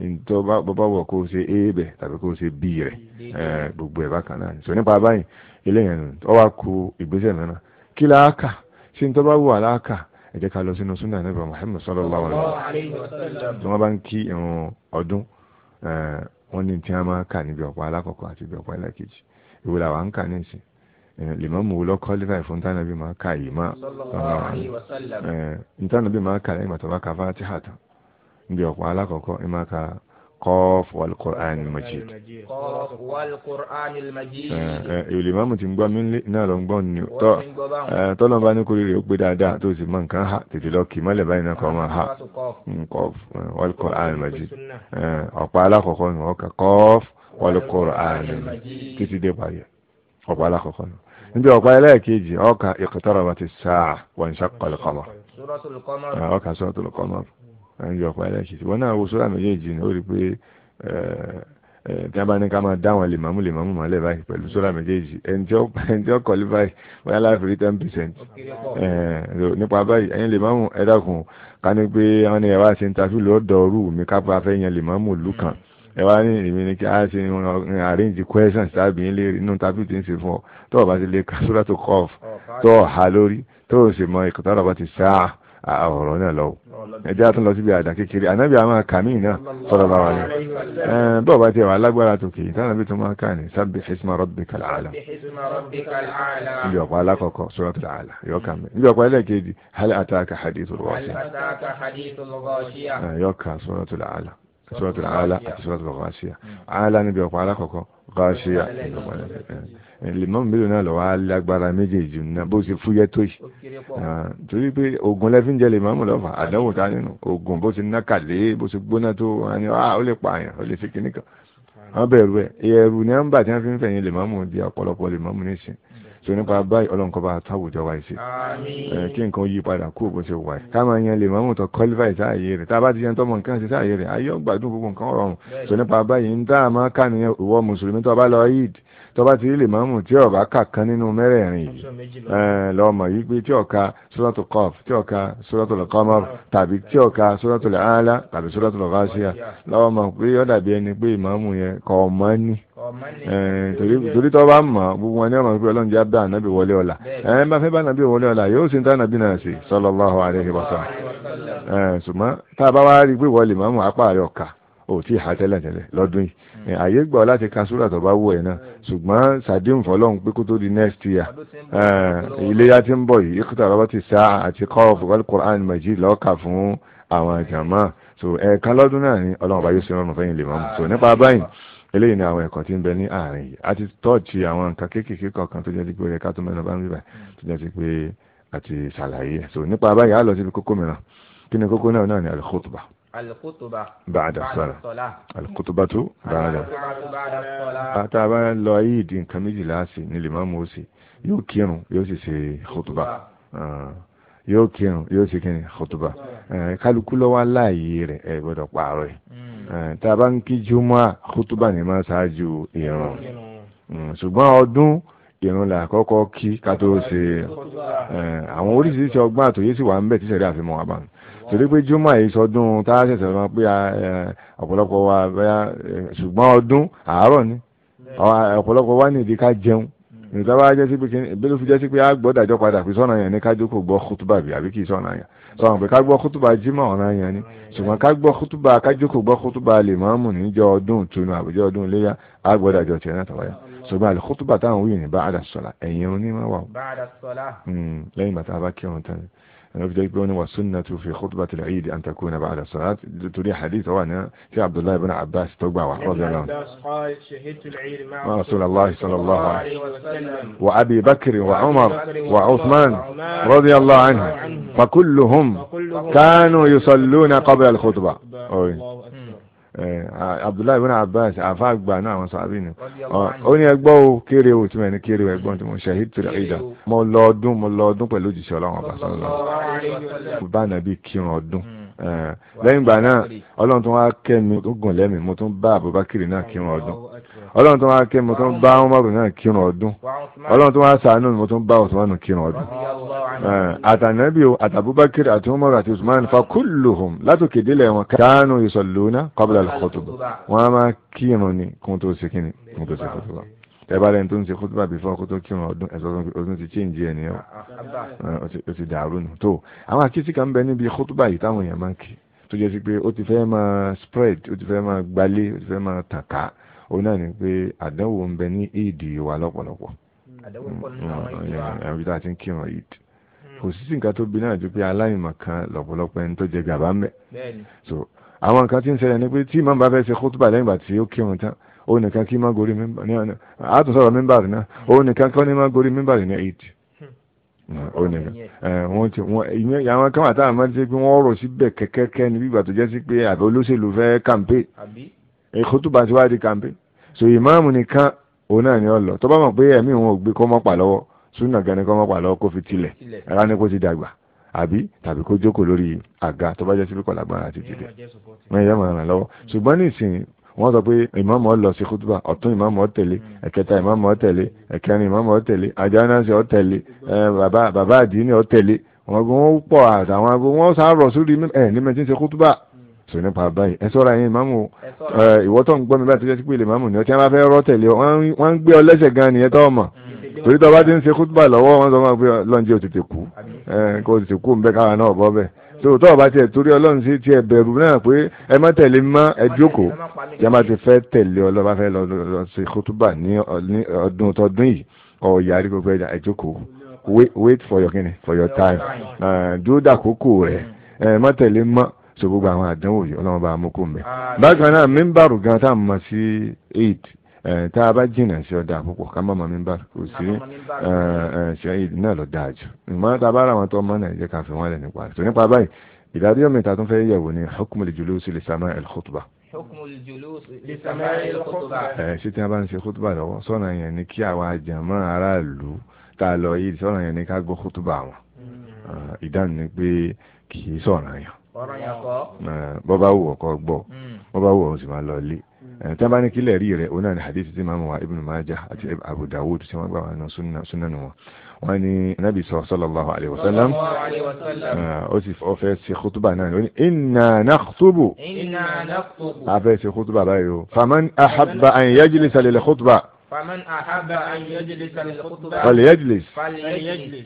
ntọ́ bọ́bá wọ̀ kó o ṣe é bẹ̀ tàbí kó o ṣe bí rẹ̀ gbogbo ẹ̀ bákan náà so nípa báyìí eléyẹn ọ wá ku ìgbésẹ̀ mìíràn kí láàkà ṣé ntọ́ bá wù wá láàkà ẹ jẹ́ ká lọ sínú súnà nípa Muhammad sallallahu alaihi wasallam tí wọ́n bá ń kí ọdún Eh, wọ́n ní tí wọ́n máa kà níbi ọ̀pá alákọ̀ọ́kọ́ àti ibi ọ̀pá ẹlẹ́kejì ìwé làwa ń kà nísìn eh, lèmọ́mù wo lọ́kọ́ lífàì fún tánàbí máa kà yìí má eh, tánàbí máa kà lẹ́yìn màtọ́ bá ka fátíhà níbi ọ̀pá alákọ̀ọ́kọ́ ẹ máa قاف والقرآن المجيد قاف والقرآن المجيد الإمام تنبا من لي نالو نبون طلو باني كل يوك بدادا توسي من كان حق تتلوكي ما لبين كما حق قاف والقرآن المجيد أقبالا خخون وكا قاف والقرآن المجيد تتي دي بايا أقبالا خخون níbi ọ̀pá ẹlẹ́ẹ̀kejì ọkà iqtarabatis sa'a wa inshaqqal qamar ọkà suratul qamar ẹnjọ ọ̀pá ẹlẹ́kìtì wọn náà wo sọ́ra méjèèjì ni ó rí pé tí a bá ní ká máa dáwọn lèmọ́mú lèmọ́mú mọ́lẹ̀ báyìí pẹ̀lú sọ́ra méjèèjì ẹnjọ́ qualify bóyá láti rí ten percent nípa báyìí ẹ̀yin lèmọ́mú ẹ dákun ká ní pé àwọn ni ẹ wá ṣe ń tafi lọ́dọ̀ ọ̀rú mi ká pa afẹ́ yẹn lèmọ́mú ìlú kan ẹ ní èmi ni kí a ṣe arrange questions tàbí ilé inú tàbí tí ń ṣe fún ọ tó o bá ti lè kásúrà tó kọ́ tó o hà lórí tó o sì mọ ìkọ́tà ọ̀rọ̀ ti sáà ọ̀rọ̀ náà lọ ẹjẹ́ àtún lọ síbi àdá kékeré ànábì àmà kàmí náà sọ̀rọ̀ bá wà ní. bọ́ọ̀ bá tiẹ̀ wà lágbára tòkè tánàbí tó máa kà ní sábì hisma rabbikal aala. ibi ọ̀pá alákọ̀ọ́kọ́ suratul aala yọ kà mí ibi ọ̀pá ẹlẹ́kẹ̀ẹ́dì hal ataka hadithul ghashiya. yọ kà suratul aala suratul aala àti suratul ghashiya aala níbi ọ̀pá alákọ̀ọ́kọ́ ghashiya lèmọ́mù mélòó náà lọ́wọ́ alágbára méjèèjì náà bó ṣe fúyẹ́ tó yìí torí pé oògùn lẹ́fí ń jẹ lèmọ́mù lọ́fà àdánwò ta nínú oògùn bó ṣe nákàlé bó ṣe gbóná tó wọn ah, ó lè pààyàn ó lè fi kíní kan wọn bẹ̀rù ẹ̀ ẹ̀rù ní àǹbà tí wọ́n fi ń fẹ̀yìn lèmọ́mù di ọ̀pọ̀lọpọ̀ lèmọ́mù nísìn so nípa báyìí ọlọ́run kọba táwùjọ wa ṣe kí nǹkan yí padà kú bó ṣe wà ká máa yan lè máa mú tọ kọlífàì sáàyè rẹ̀ tá a bá ti yan tọmọ nǹkan ṣe sáàyè rẹ̀ ayé ọgbàdún gbogbo nǹkan rọrùn so nípa báyìí ń tá a máa kà nìyẹn ìwọ mùsùlùmí tó a bá lọ yíìdì tọ́ba ti rí lè máàmù tí ọ̀bá kà kan nínú mẹ́rẹ̀ẹ̀rin yìí lọ́mọ yìí pé tí ọ̀ka suratul Qaf tí ọ̀ka suratul Qamar tàbí tí ọ̀ka suratul Ala tàbí suratul Ghashiya lọ́mọ pé ó dàbí ẹni pé ìmáàmù yẹn kò mọ̀ ní torí tó bá mọ̀ gbogbo wọn ní ọmọ pé ọlọ́run jẹ́ abdá ànábì wọlé ọ̀la ẹ bá fẹ́ bá ànábì wọlé ọ̀la yóò sì ń ò tí ì ha tẹ́lẹ̀tẹ́lẹ̀ lọ́dún yìí àyè gbà ọ láti ka súrà tó bá wù ẹ̀ náà ṣùgbọ́n sàdéhùn fọlọ́run pé kó tó di next year iléyà tí ń bọ̀ yìí iqtarabati sáà àti kọ́ọ̀fù Al-Qur'an Majid lọ́ọ̀kà fún àwọn jàmáà so ẹ̀ẹ̀kan lọ́dún náà ni ọlọ́run bá yóò ṣe rọrùn fẹ́yìn lè mọ́ so nípa báyìí eléyìí ni àwọn ẹ̀kọ́ tí ń bẹ ní àárín yìí àti tọ́ọ̀tì àwọn nǹkan kéékèèké kọ̀ọ̀kan tó jẹ́ pé ẹ̀ka tó mẹ́nu bá ń bíbà tó jẹ́ pé àti ṣàlàyé so nípa báyìí á lọ síbi kókó mìíràn kí ni kókó náà náà ni al-khutbah alikutuba baada sọlá alikutubatu baada ata bá lọ ayé ìdí nǹkan méjìlá sí ní limamu ó sì yóò kírun yóò sì ṣe kutuba ah, yóò kírun yóò sì kírun kutuba eh, kálukú lọ́wọ́ aláàyè rẹ̀ ẹ̀ gbọ́dọ̀ pààrọ̀ ẹ̀ hmm. eh, tá a bá ń kí jùmọ̀ kutuba ni máa ṣáájú ìrun hmm, ṣùgbọ́n ọdún ìrun là kọ́kọ́ kí ká tó ṣe eh, àwọn oríṣiríṣi ọgbọ́n àtòyé sì wà ń bẹ tí sẹ́rí àfihàn wa bá ń bẹ torí pé júmọ̀ yìí sọdún tá a ṣẹ̀ṣẹ̀ máa pé ọ̀pọ̀lọpọ̀ wa ṣùgbọ́n ọdún àárọ̀ ni ọ̀pọ̀lọpọ̀ wa nìdí ká jẹun nǹkan hmm. bá jẹ́ sí pé bí ló fi jẹ́ sí pé a gbọ́ dájọ́ padà pé sọ́nà yẹn ni ká jókòó gbọ́ kútùbà bí àbí kì í sọ́nà yẹn sọ̀rọ̀ pé ká gbọ́ kútùbà jímọ̀ ọ̀nà yẹn ni ṣùgbọ́n ká gbọ́ kútùbà ká jókòó gbọ́ kútùbà lè máa mú níjọ ọdún ìtùnú àbújọ ọdún iléyà a gbọ́ dájọ́ tiẹ̀ náà tọ́wọ́ yẹn ṣùgbọ́n àlè kútùbà táwọn wíyìn ní bá àdàsọ̀là ẹ̀yìn onímọ̀ wà يكون والسنة في خطبة العيد أن تكون بعد الصلاة تري حديث وانا في عبد الله بن عباس توبة رضي الله عنه مع رسول الله صلى الله عليه وسلم وأبي بكر وعمر وعثمان رضي الله عنهم فكلهم كانوا يصلون قبل الخطبة Eh, Abdullahi ibn Abbas àfa àgbà náà àwọn sàbí ni ó ní ẹgbọ́ o kéré o tí mo ní kéré o ẹgbọ́n tí mo ṣe hìtìrì ìdá mo lọ ọdún mo lọ ọdún pẹ̀lú òjìṣẹ́ ọlọ́run ọba sọ́lọ́run bá nàbí kírun ọdún. Hmm lẹ́yìn ìgbà náà ọlọ́run tó wá kẹ́ mi tó gùn lẹ́mí mo tún bá Abubakar náà kírun ọdún ọlọ́run tó wá kẹ́ mi mo tún bá Umaru náà kírun ọdún ọlọ́run tó wá ṣàánú mi mo tún bá Usman kírun ọdún àtànábì o àtàbúbakar àti Umaru àti Usman fakulluhum látòkè délẹ̀ wọn kánú yusalluna qabla al wọn á máa kírun ni kún tó ṣe kíni kún tó ṣe kótó bá tẹ́bá lẹ́ni tó ń ṣe kótópà bí fún ọkọ tó kírun ọdún ẹ̀sọ́ ọdún ti chíǹjì ẹ̀ nìyẹn ó ti dàrú nù tó àwọn àkíyèsí kan bẹ níbi kótópà yìí táwọn èèyàn máa ń kí tó jẹ́ sí pé ó ti fẹ́ máa spread ó ti fẹ́ máa gbalé ó ti fẹ́ máa tàka òun náà ni pé àdánwò ń bẹ ní èdè wa lọ́pọ̀lọpọ̀ hmm, hmm, àbí tá a ti ń kírun èdè hmm. kò sí sí nǹkan tó bí náà ju pé aláìmọ̀ kan lọ́pọ̀lọpọ̀ so àwọn nǹkan ni pé tí màmá bá fẹ́ òun nìkan kí má gorí mímbà ní àná àtún sọ̀rọ̀ mímbà rẹ̀ náà òun nìkan kọ́ ní má gorí mímbà rẹ̀ ní èdè òun nìkan wọ́n ti wọ́n ìyẹn àwọn kan wà táwọn máa ń ṣe pé wọ́n rọ̀ síbẹ̀ kẹ́kẹ́kẹ́ níbi ìgbà tó jẹ́ sí pé àbẹ̀ olóṣèlú fẹ́ kàmpé èkó tó bá ti wá di kàmpé so ìmáàmù nìkan òun náà ni ọ lọ tó bá mọ̀ pé ẹ̀mí wọn ò gbé kọ́ mọ́pà lọ́wọ́ súnà gan ni kọ́ mọ́pà lọ́wọ́ kó fi tilẹ̀ ara ni kó ti dàgbà àbí tàbí kó jókòó lórí àga tó bá jẹ́ sí pé kọ̀làgbọ́n àti tìlẹ̀ wọ́n yẹ mọ̀ ràn lọ́wọ́ ṣùgbọ́n nísìnyí wọ́n sọ pé ìmáàmù ó lọ sí kútùbà ọ̀tún ìmáàmù ó tẹ̀lé hmm. ẹ̀kẹta ìmáàmù ó tẹ̀lé ẹ̀kẹrin ìmáàmù ó tẹ̀lé àjánásì ó tẹ̀lé bàbá àdínì ó tẹ̀lé wọn gbọ́n ó pọ̀ àtàwọn agbó wọn sá sórí ẹ̀ ní mẹ́tí ń ṣe kútùbà hmm. sọ nípa báyìí ẹ sọ́ra yín ìmáàmù ìwọ́tọ̀ ń gbọ́ mi báyìí tó jẹ́ sí bá hmm. ti ń ṣe kútùbà lọ́wọ́ wọn sọ wọn pé lọ́njẹ́ òtètè kú kó òtètè kú ń bẹ́ káwa náà bọ́ bẹ́ẹ̀ so tó o bá tiẹ̀ torí ọlọ́run sí tiẹ̀ bẹ̀rù náà pé ẹ má tẹ̀lé mọ́ ẹ jókòó tí a bá ti fẹ́ tẹ̀lé ọlọ́run bá fẹ́ lọ sí kótóbà ní ọdún tọdún yìí ọ̀ọ́yà àríkò pé ẹ jókòó wait for your kini for your time dúró dàkókò rẹ̀ ẹ má tẹ̀lé mọ́ so gbogbo àwọn àdánwò yìí ọlọ́run bá mú kó mẹ́. bákan náà mímbàrú gan tá a mọ̀ sí eight tá a bá jìnnà sí ọ̀dà púpọ̀ ká mọ́ mọ́mí bá kò sí ṣẹ́yìn náà lọ dáa jù ìmọ̀ tá a bá ra àwọn tó ọmọ náà jẹ́ ká fi wọ́n lẹ̀ nípa rẹ̀ tó nípa báyìí ìdájọ́ mẹ́ta tó fẹ́ yẹ̀wò ni hukumu al-julus li sama' al-khutbah. hukumu al-julus li sama' al ẹ ṣé tí a bá ń ṣe kútùbà lọ́wọ́ sọ́nà yẹn ni kí àwa jàmọ́ aráàlú tá a lọ yìí sọ́nà yẹn ni ká gbọ́ kútùbà wọn hmm. ìdáhùn ni pé kì í sọ́nà yẹn. bọ́ bá wù ọ́ gbọ́ hmm. bọ́ bá wù ọ́ tí a bá ní kí lẹ́rí rẹ̀ òun náà ni hadith tí maamu wa ibn majah àti abu dawud tí wọ́n gbà wọn súnánù wọn wọ́n ní nabi sallallahu alayhi wa sallam ó sì fẹ́ ṣe kútùbà náà ó ní inna nakhtubu a fẹ́ ṣe kútùbà báyìí o faman ahabba an yajlisa lil kútùbà. faman ahabba an yajlisa lil kútùbà. falyajlis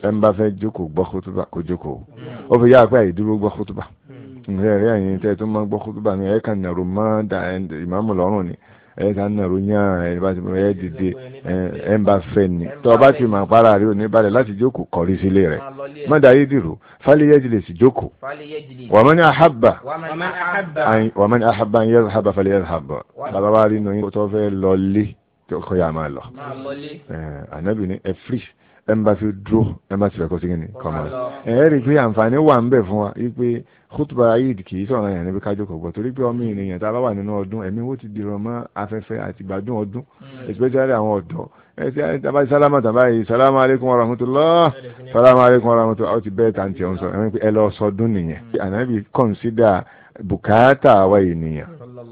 ẹn bá fẹ́ jókòó gbọ́ kútùbà kó jókòó ó fi yára pé àyè dúró gbọ́ kútùbà ǹrẹ́rẹ́ ẹ̀yin tẹ́ tó máa gbọ́ kútúbà ní ẹ̀ẹ́kà nàró máa dà ìmáàmù lọ́rùn ni ẹ̀ẹ́kà nàró yàn ẹ̀ bá ti ẹ̀ dìde ẹ̀ ń bá fẹ́ ni tó o bá ti mà para rí òní balẹ̀ láti jókòó kọrí sílé rẹ̀ má dàá yìí dìrò fáliyẹ́jì lè sì jókòó wàmán àhábà wàmán àhábà ń yẹ́rù fáliyẹ́rù hábà bàbá wa rí nù yín tó fẹ́ lọ lé kó yà máa lọ ànábì ní ẹ fírì ẹnba fi dúró ẹnba ti fẹ́ kó sígi ni kọ́mọ rí i pé àǹfààní wà ń bẹ̀ fún wa wípé kútùbà ayéd kì í sọ̀rọ̀ yẹn níbi kájọ kò gbọ́ torí pé ọmọ ènìyàn tá a bá wà nínú ọdún ẹ̀mí wo ti dìrọ̀ mọ́ afẹ́fẹ́ àti gbádùn ọdún hmm. especially àwọn ọ̀dọ́ ẹsẹ tabasi salama tabayi salamu aleykum warahmatulah salamu aleykum warahmatulah ọ ti bẹ́ẹ̀ tà ń tiẹ̀ ń sọ ẹ lọ sọdún nìyẹn hmm. ànábì kọ́nsídà bùkátà àwa ènìyàn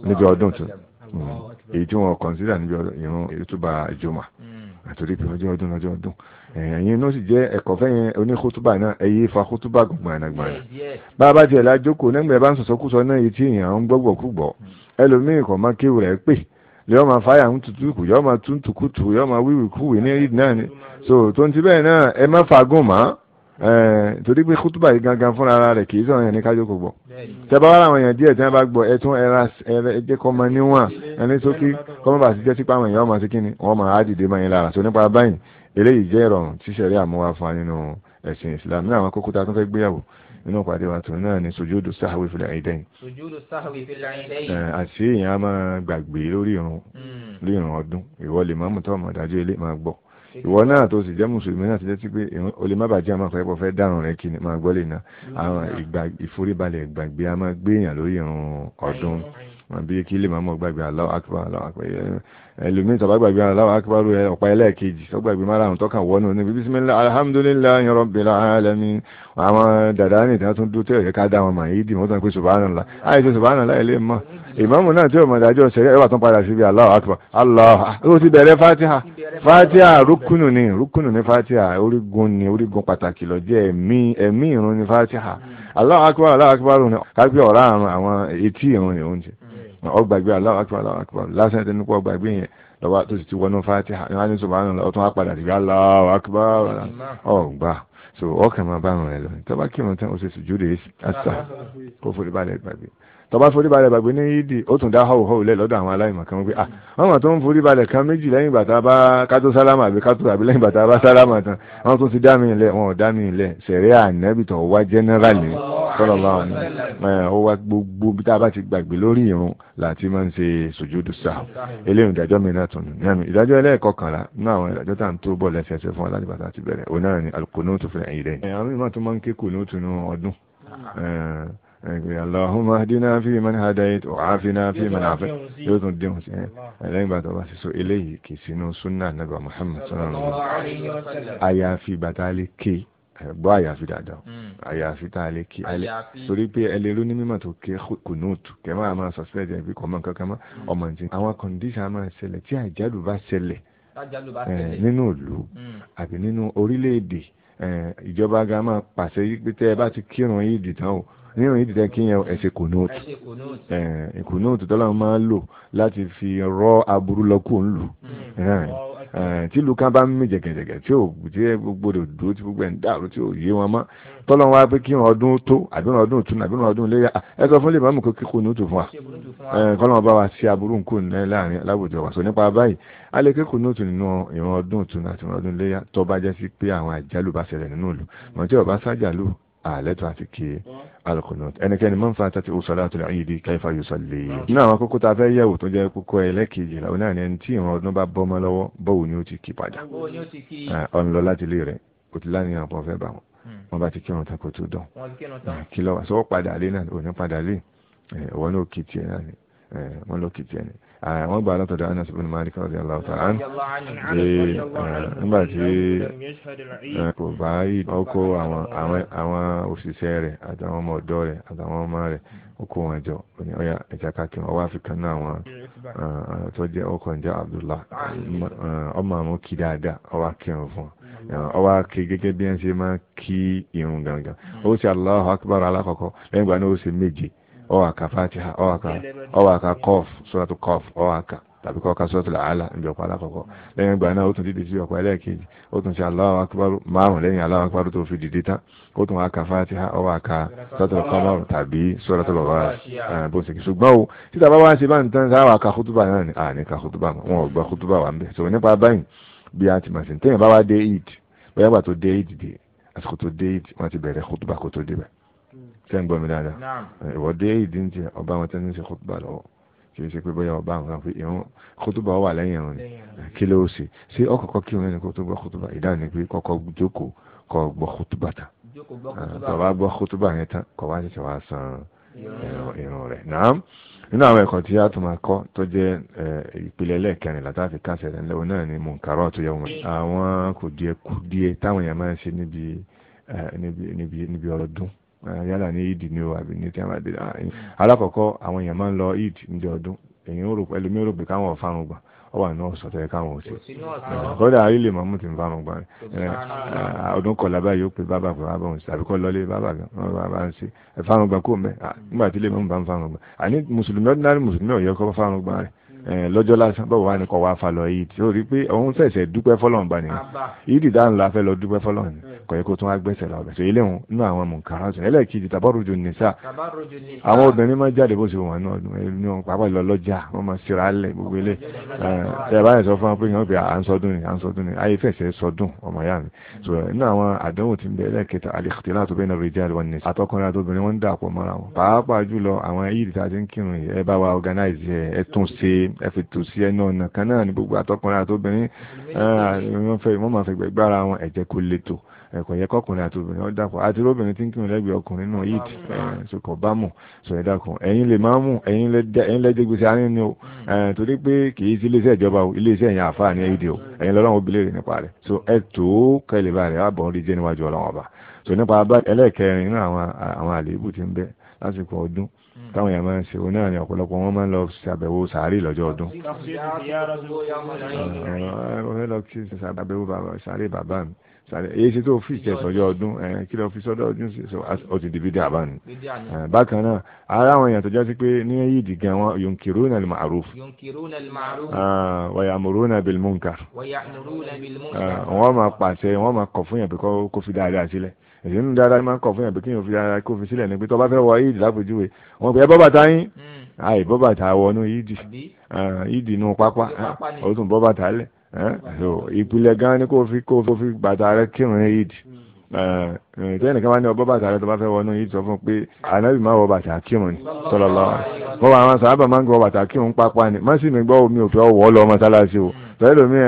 níbi ọdún tún hmm. èyí tí wọ́n kọ́nsídà níbi ìrún ìtúbà ìjọmọ̀ àtòrí pé ọjọ́ ọdún ọjọ́ ọdún ẹ̀yin náà sì jẹ́ ẹ̀kọ́ fẹ́yìn oníkótóbà náà ẹ̀yẹ fa kótóbà gbọ̀ngbọ̀nàgbọ̀nà bá a bá tiẹ̀ la jókòó nígbà bá ń sọ̀sọ́kúsọ náà yìí tí èèyàn ń gbọ́gbọ̀ kú gbọ́ mm. ẹlòmíì kò máa kéwù rẹ̀ pè yọ́ máa fáyà ń tutù kù yọ́ máa tún tùkùtù yọ́ máa wíwì kúwì ní ìdí náà ni so tó ń ti bẹ́ẹ̀ náà ẹ má fagùn mọ́ torí pé kútùbà yìí gangan fúnra rẹ̀ kì í sọ̀rọ̀ yẹn ní kájókò gbọ́ tẹ́bá wà láwọn èèyàn díẹ̀ tí wọ́n bá gbọ́ ẹ tún ẹra ẹjẹ́ kọ́ máa níwọ̀n ẹni sókè kọ́ sí jẹ́ sípà àwọn ọmọ sí wọ́n máa á dìde máa yẹn lára so nípa báyìí eléyìí jẹ́ ìrọ̀rùn tí sẹ̀rí àmúwá fún wa nínú ẹ̀sìn Islam nínú àwọn kókó tá a tún fẹ́ gbéyàwó nínú ìpàdé wa tòun náà ni sojúdù sáhàwé fil aidain. sojúdù sáhàwé fil aidain. àṣé èèyàn á máa gbàgbé lórí ìrun hmm. lórí ìrun ọdún ìwọ lè máa mú tọ́ ọmọ ìdájọ́ ilé máa gbọ́ ìwọ náà tó sì jẹ́ mùsùlùmí náà ti jẹ́ sí pé o lè má bàjẹ́ àmọ́ pẹ́ pọ́ fẹ́ dàrùn rẹ kí ni máa gbọ́ lè ná hmm. àwọn ìforíbalẹ̀ ìgbàgbé a máa gbéyàn lórí ìrun ọdún bí kí lè máa mọ̀ gbàgbé Allahu Akbar Allahu Akbar ẹlòmíì tó bá gbàgbé Allahu Akbar ọ̀pá ẹlẹ́ẹ̀kejì tó gbàgbé márùn-ún tó kàn wọ́nù níbi bismillah alhamdulillahi rabbil alamin àwọn dàdá ní ìdáná tó ń dúró tẹ̀yẹ ká dá wọn mà yìí dì wọ́n tó ń pè subhanallah àìsè subhanallah ilé mọ́ ìmáàmù náà tí òmò ìdájọ́ ṣẹlẹ̀ ẹ̀wà tó ń padà síbi Allahu Akbar Allahu ó ti bẹ̀rẹ̀ fatiha fatiha rúkúnù ni rúkúnù ni fatiha orígun ọgbàgbé Allahu akbar Allahu akbar lásán ẹ̀tẹ́ nípa ọgbàgbé yẹn lọ́wọ́ tó ti ti wọnú Fatiha ní wọ́n á ní sọ̀rọ̀ àwọn ọ̀tún apàdà sí Allahu akbar so ọkàn máa bá wọn rẹ lọ tọ́ba kírun tán ó ṣe sùjúdè àṣà kó forí balẹ̀ gbàgbé tọba forí balẹ̀ gbàgbé ní yídì ó tún dá họ́wùhọ́wù lẹ̀ lọ́dọ̀ àwọn aláìmọ̀ kan wípé ah àwọn tó ń forí balẹ̀ kan méjì lẹ́yìn bàtà bá kátó sálámà àbí kátó àbí lẹ́yìn bàtà bá sálámà tán àwọn tó ti dá mi lẹ̀ wọn ò dá mi lẹ̀ sẹ̀rí ànẹ́bìtọ̀ wá jẹ́nẹ́rálì sọ̀rọ̀ bá wọn ó wá gbogbo bí tá a bá ti gbàgbé lórí irun láti máa ń ṣe sùjúdù sáà eléyìí ìdájọ́ mi náà tún ní ìdájọ́ ẹlẹ́ẹ̀kọkànlá ní àwọn ìdájọ́ tá à ń tó bọ̀ lẹ́sẹẹsẹ fún ẹgbẹ́ aláhùnmá dínà fi mọ́ni àdáyé òhàfinà fi mọ́ni àfẹ́ yóò tún dínwó sí ẹ ẹlẹ́yìn bàtà bá ṣe so eléyìí kì í sínú súnà nàbà Muhammad sallallahu alaihi wasallam àyàfi bàtà lè ké gbọ́ àyàfi dáadáa àyàfi tá a lè kí alẹ́ torí pé ẹ lè rú ní mímọ̀ tó ké kùnúùtù kẹ máa máa sọ̀sílẹ̀ jẹ́ bí kọ̀ọ̀mọ̀ kankan mọ́ ọmọ ìdí àwọn kọ̀ǹdíṣà máa ṣẹlẹ̀ tí àjálù bá ṣẹlẹ̀ nínú ìlú àbí nínú orílẹ̀-èdè ìjọba ga máa pàṣẹ pé tẹ́ ẹ bá ti kírun yìí dìtàn o nínú yìí dídẹ́ kíyàn ẹ ṣe kùnúùtù kùnúùtù tọ́lá máa lò láti fi rọ aburú lọ kó ń lù hmm. tí ìlú kan bá ń mí jẹ̀gẹ̀jẹ̀gẹ̀ tí ò tí gbogbo rẹ̀ dúró tí gbogbo ẹ̀ ń dàrú tí ò yé wọn mọ́ hmm. tọ́lọ́ wa pé kí ọdún tó àbí ọdún tún àbí ọdún léyà ẹ sọ fún lè mọ́mù kókí kó nùtù fún wa kọ́lọ́ bá wa ṣe aburú nǹkó ní láàrin aláwùjọ wa sọ nípa báyìí a lè kékòó nùtù nínú ìran ọdún tún àti ìran ọdún léyà tó bá jẹ́ sí pé àwọn àjálù bá ṣẹlẹ̀ nínú ìlú mọ̀ tí ò bá sájàlù àlẹ́tọ̀ àti kí alqunut ẹnikẹ́ni man fatatihi salatul eid kayfa yusalli. nínú àwọn kókó tá a fẹ́ yẹ̀wò tó jẹ́ kókó ẹlẹ́kejì làwọn náà ní ẹni tí ìran ọdún bá bọ́mọ lọ́wọ́ bọ́wọ́ ni ó ti kí padà ọ̀n lọ láti ilé rẹ̀ ó ti láníyàn pọ̀ fẹ́ bá wọn wọn bá ti kírun tán kó tó dán kí lọ́wọ́ sọ padà lé náà òní padà lé wọn ló kì tiẹ̀ náà ni wọn ló kì tiẹ̀ ni wọ́n gbà látọ̀dọ̀ Anas ibn Malik radiyallahu ta'ala pé nígbà tí kò bá yìí ọkọ̀ àwọn òṣìṣẹ́ rẹ̀ àtàwọn ọmọ ọ̀dọ́ rẹ̀ àtàwọn ọmọ rẹ̀ wọn jọ ní ọ̀yà ẹ̀já káàkiri ọwọ́ àfikàn náà wọn tó jẹ́ ọkọ̀ ǹjẹ́ Abdullah ọmọ àwọn dáadáa ọwọ́ akẹ́rùn fún ọwọ́ akẹ́ gẹ́gẹ́ bí wọ́n ṣe máa kí irun gangan ó sì alákọ̀ọ́kọ́ lẹ́yìn ìgbà náà ó sì méje ọwọ àka fatiha ọwọ àka ọwọ àka kọf sọlátù kọf ọwọ tàbí kọ́ ka sọ́tò làálà níbi ọ̀pá alákọ̀ọ́kọ́ lẹ́yìn ìgbà náà ó tún dìde sí ọ̀pá ẹlẹ́ẹ̀kejì ó tún ṣe Allahu akbar márùn lẹ́yìn Allahu akbar tó fi dìde tán ó tún wá ka fatiha ọwọ́ àka sọ́tò kọ́mọ́rù tàbí sọ́tò lọ́wọ́ bó ṣe kí ṣùgbọ́n o títà bá wá ṣe bá ń tán sáwà ka kútúbà náà ni àní ka kútúbà wọn ò gba kútúbà wà ń bẹ̀ sọ nípa báyìí bí a ti àsìkò tó dé wọn ti bẹ̀rẹ̀ kútúbà kó tó débẹ̀ tẹ́ ń gbọ́ mi dáadáa ìwọ́dé ìdí ń jẹ ọba àwọn tẹ́ni ń ṣe kótóbà lọ́wọ́ kì í ṣe pé bóyá ọba àwọn kan ìrún kótóbà wà lẹ́yìn ẹ̀rùn ni kí ló ṣe ṣé ọkọ̀ọ̀kọ̀ kí òun ẹni kótóbà kótóbà ìdáhùn ni pé kọ́kọ́ jókòó kọ́ gbọ́ kótóbà tán tọ́ba gbọ́ kótóbà yẹn tán kọ́ wá ṣẹ̀ṣẹ̀ wá san ìrún rẹ̀ náà nínú àwọn ẹ̀kọ́ tí a tún máa kọ́ tó jẹ́ ìpìlẹ̀ ẹlẹ́ẹ̀kẹrin látàfi káṣẹ̀ lẹ́wọ náà ni mùnkàrọ̀ tó yẹ wọn. àwọn kò díẹ̀ kú díẹ̀ táwọn èèyàn máa ń ṣe níbi ọ̀rọ̀ Eh, yálà ní ìdì ni o àbí ní tíyàmàdé ah, alákọ̀ọ́kọ́ àwọn èèyàn máa ń lọ ìdì ní ọdún èèyàn ò rò pẹ̀lú mi ò rò pé káwọn ọ̀farun gbà ó wà náà sọ̀tẹ̀ káwọn òsì eh, kódà ilé mọ̀mú ti ń farun gbà eh, ah, ọdún kọ̀ọ̀lá báyìí ó pe bàbá pé bàbá òun sí àbí kọ́ lọ́lé bàbá gan bàbá ń sí farun gbà kó mẹ́ ah, nígbà tí ilé mọ̀mú bá ń farun gbà àní mùsùlùmí ordinary mùsùlùmí ò yẹ kó farun gbà rẹ̀ lọ́jọ́ lásán bọ́ọ̀ wá ní kọ̀ wá fa lọ yìí tí ó rí pé òun fẹ̀sẹ̀ dúpẹ́ kò yẹ kó tún wá gbẹ́sẹ̀ lọ bẹ̀ so ilé wọn nínú àwọn mọ̀nkàrà sùn ẹlẹ́ẹ̀kejì tàbárùjù nìsà àwọn obìnrin máa jáde bó ṣe wọ̀n náà pàápàá lọ lọ́jà wọ́n máa ṣera lẹ̀ gbogbo ilé ẹ bá yẹn sọ fún wa pé yẹn pé à ń sọdún ni à ń sọdún ni ayé fẹsẹ̀ sọdún ọmọ yá mi so nínú àwọn àdánwò tí ń bẹ ẹlẹ́ẹ̀kẹta al-ikhtilat bayna ar-rijal wan-nisa àtọkùnrin àtobìnrin wọn ń dàpọ̀ mọ́ra wọn pàápàá jùlọ ẹ̀kọ́ yẹ kọkùnrin àti obìnrin ọ̀dàpọ̀ àti obìnrin tí ń kírun lẹ́gbẹ̀ẹ́ ọkùnrin náà yìí so kò bá mọ̀ so ẹ dákun ẹ̀yin lè máa mú ẹ̀yin lẹ́jẹ́ gbèsè àárín ni o torí pé kì í sí iléeṣẹ́ ìjọba o iléeṣẹ́ ẹ̀yin àfa ní ẹ̀yìn o ẹ̀yin lọ́lọ́run obìnrin nípa rẹ̀ so ẹ tó kẹlẹ̀ bá rẹ̀ àbọ̀ orí jẹ́ níwájú ọlọ́run ọba so nípa ẹlẹ́ẹ̀kẹrin náà àwọn àléébù ti ń bẹ lásìkò ọdún táwọn èèyàn máa ń ṣe oní àná ọ̀pọ̀lọpọ̀ wọn máa ń lọ ṣàbẹ̀wò sàárì lọ́jọ́ ọdún. ọ̀rọ̀ ẹ lọ kí ṣàbẹ̀wò sàárì bàbá mi sáré èyí ṣe tó fi ìṣẹ́ sọ́jọ́ ọdún kí lọ́ọ́ fi sọ́dọ̀ ọdún ó ti di bídí àbánu. bákan náà ara àwọn èèyàn tó jẹ́ sí pé ní yídì gan wọn yunkiruna al ma'ruf. wa ya'muruna bil munkar. wọ́n máa pàṣẹ wọ́n máa kọ̀ fún yàn pé kó fi dáadáa sílẹ̀ èyí ń dáadáa máa ń kọ̀ fún yàn pé kí yàn fi dáadáa kó fi sílẹ̀ ní tó bá fẹ́ wọ yídì lápèjúwe wọn pè é bọ́bà táyín hmm. àì bọ́bà tá wọnú yídì yídì inú pápá ó tún bọ́bà tá lẹ̀ Eh? ìpìlẹ̀ gan ni kò fi kò fi bàtà rẹ kírun eid eh, eh, tẹ́nì kan bá ní ọbọ̀ bàtà rẹ tó bá fẹ́ wọnú eid sọ fún pé ànábì máa wọ bàtà kírun ni sallallahu wọ́n wà àwọn sàábà máa ń wọ bàtà kírun pápá ni má sì mí gbọ́ omi òfin ọwọ́ lọ mọ́sálásí o tọ́lẹ́ lómi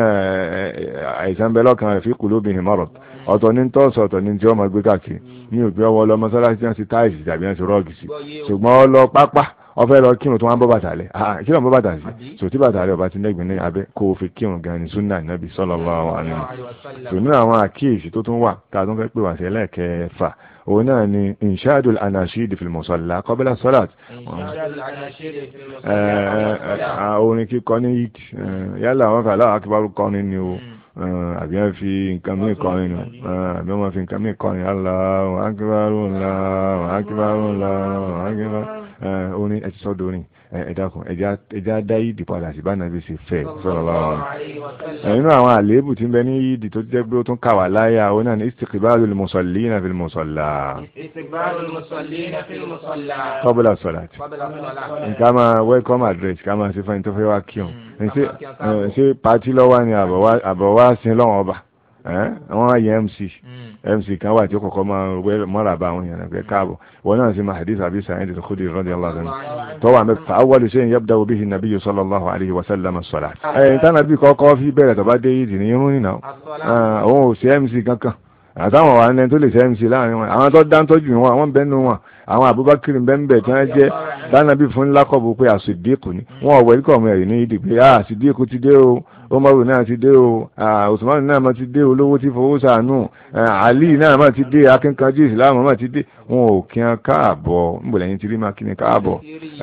àìsàn bẹ́ẹ̀ lọ́kàn rẹ̀ fi qulubihim marad ọ̀tọ̀ ní tọ́sọ̀ ọ̀tọ̀ ní tí wọ́n máa gbé káàkiri ní òfin ọwọ́ lọ mọ́sálásí tí wọ́n ti táìsì tàbí wọ́n ti rọ́ọ̀gì sí ṣùgbọ́n ọ lọ pápá ọfẹ lọ kírun tó wọn bọ bàtà lẹ ah, ah, kí ló ń bọ bàtà sí so tí bàtà rẹ ọba ti lẹgbẹẹ ní abẹ kó o fi kírun gan ni sunna nabi sallallahu alaihi wasallam so nínú àwọn àkíyèsí tó tún wà tá a tún fẹ́ pè wá sí ẹlẹ́ẹ̀kẹfà òun náà ni inṣáàdù anashid fil musalla qabla salat eh, eh, eh, ah, orin kíkọ ní yìí yálà wọn fẹ́ aláwọ̀ akíbarú kọrin ni o. Mm. Eh, àbí wọ́n fi nǹkan mí kọrin nù eh, àbí wọ́n fi nǹkan mí kọrin Allahu akbar Allahu akbar Allahu akbar eh, orin ẹ̀ ti sọ́dọ̀ orin ẹ̀dákun ẹ̀já dá yídì padà sí bánàbí ṣe fẹ́ sallallahu alaihi wasallam. nínú àwọn àléébù tí ń bẹ ní yídì tó jẹ́ pé ó tún kà wá láyà ó náà ní istiqbalul musallina fil musalla. istiqbalul musallina fil musalla. qabla salati. nǹkan máa welcome address a máa ṣe fún ẹni tó fẹ́ wá hmm, kí ọ ṣe pàtí lọ́wọ́ ni àbọ̀wá sin lọ́wọ́ ọba àwọn ayé mc mc hmm. kan wà tí ó kọ́kọ́ máa wẹ́ mọ́ra bá àwọn èèyàn rẹ̀ káàbọ̀ wọn náà sì máa hadith àbí sàyẹ́ǹdì tó kúdì rọ́dì aláàbẹ̀ tó wà mẹ́ta awọ́lù ṣe ń yẹ́bùdá òbí hin nàbí yusuf aláhu alayhi wa sallam sọ̀rọ̀. ẹ̀yìn tánà bí kọ́kọ́ fi bẹ̀rẹ̀ tó bá dé ìdì ní irun nìna ah, òun ò sí mc kankan àtàwọn wà ní tó lè ṣe mc láàrin wọn àwọn tó dá tọ́jú wọn àwọn bẹ́ẹ̀ nù wọn àwọn Abubakar bẹ́ńbẹ̀ tí wọ́n jẹ́ bánabi fún lákọ̀bù pé àṣìdíkù ni wọ́n ọ̀wẹ́ kọ̀ ọmọ ẹ̀rí ní ìdí pé àṣìdíkù ah, ti dé o Umaru náà ti dé o ah, Usman náà mà ti dé olówó tí fowó sànù eh, Ali náà mà ti dé akínkanjú ìsìlámù mà ti dé wọn ò kí wọn káàbọ̀ nbọ̀lẹ̀ yín ti rí kí ni káàbọ̀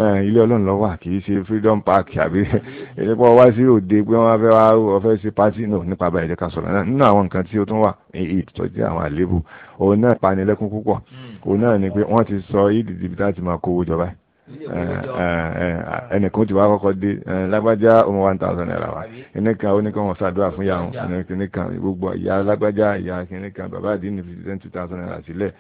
eh, ilé ọlọ́run lọ́wọ́ kì í ṣe Freedom Park àbí ẹ̀ẹ́dẹ́gbọ́n wá sí òde pé wọ́n fẹ́ wá ọ̀fẹ́ sí pátì náà nípa abẹ́rẹ́ ká sọ̀rọ̀ náà nínú àwọn nǹkan tí ó tún wà èyí tó àwọn àléébù òun náà panilẹ́kún púpọ̀ òun náà ni pé wọ́n ti sọ ìdí dìbí láti máa kówó jọba ẹnìkan ti wá kọ́kọ́ dé lágbájá ọmọ one thousand naira wa ẹnìkan oníkan wọn ṣàdúrà fún ìyá wọn ẹnìkan gbogbo ìyá lágbájá ìyá kìnìkan bàbá àdínní fi ten two thousand naira sílẹ̀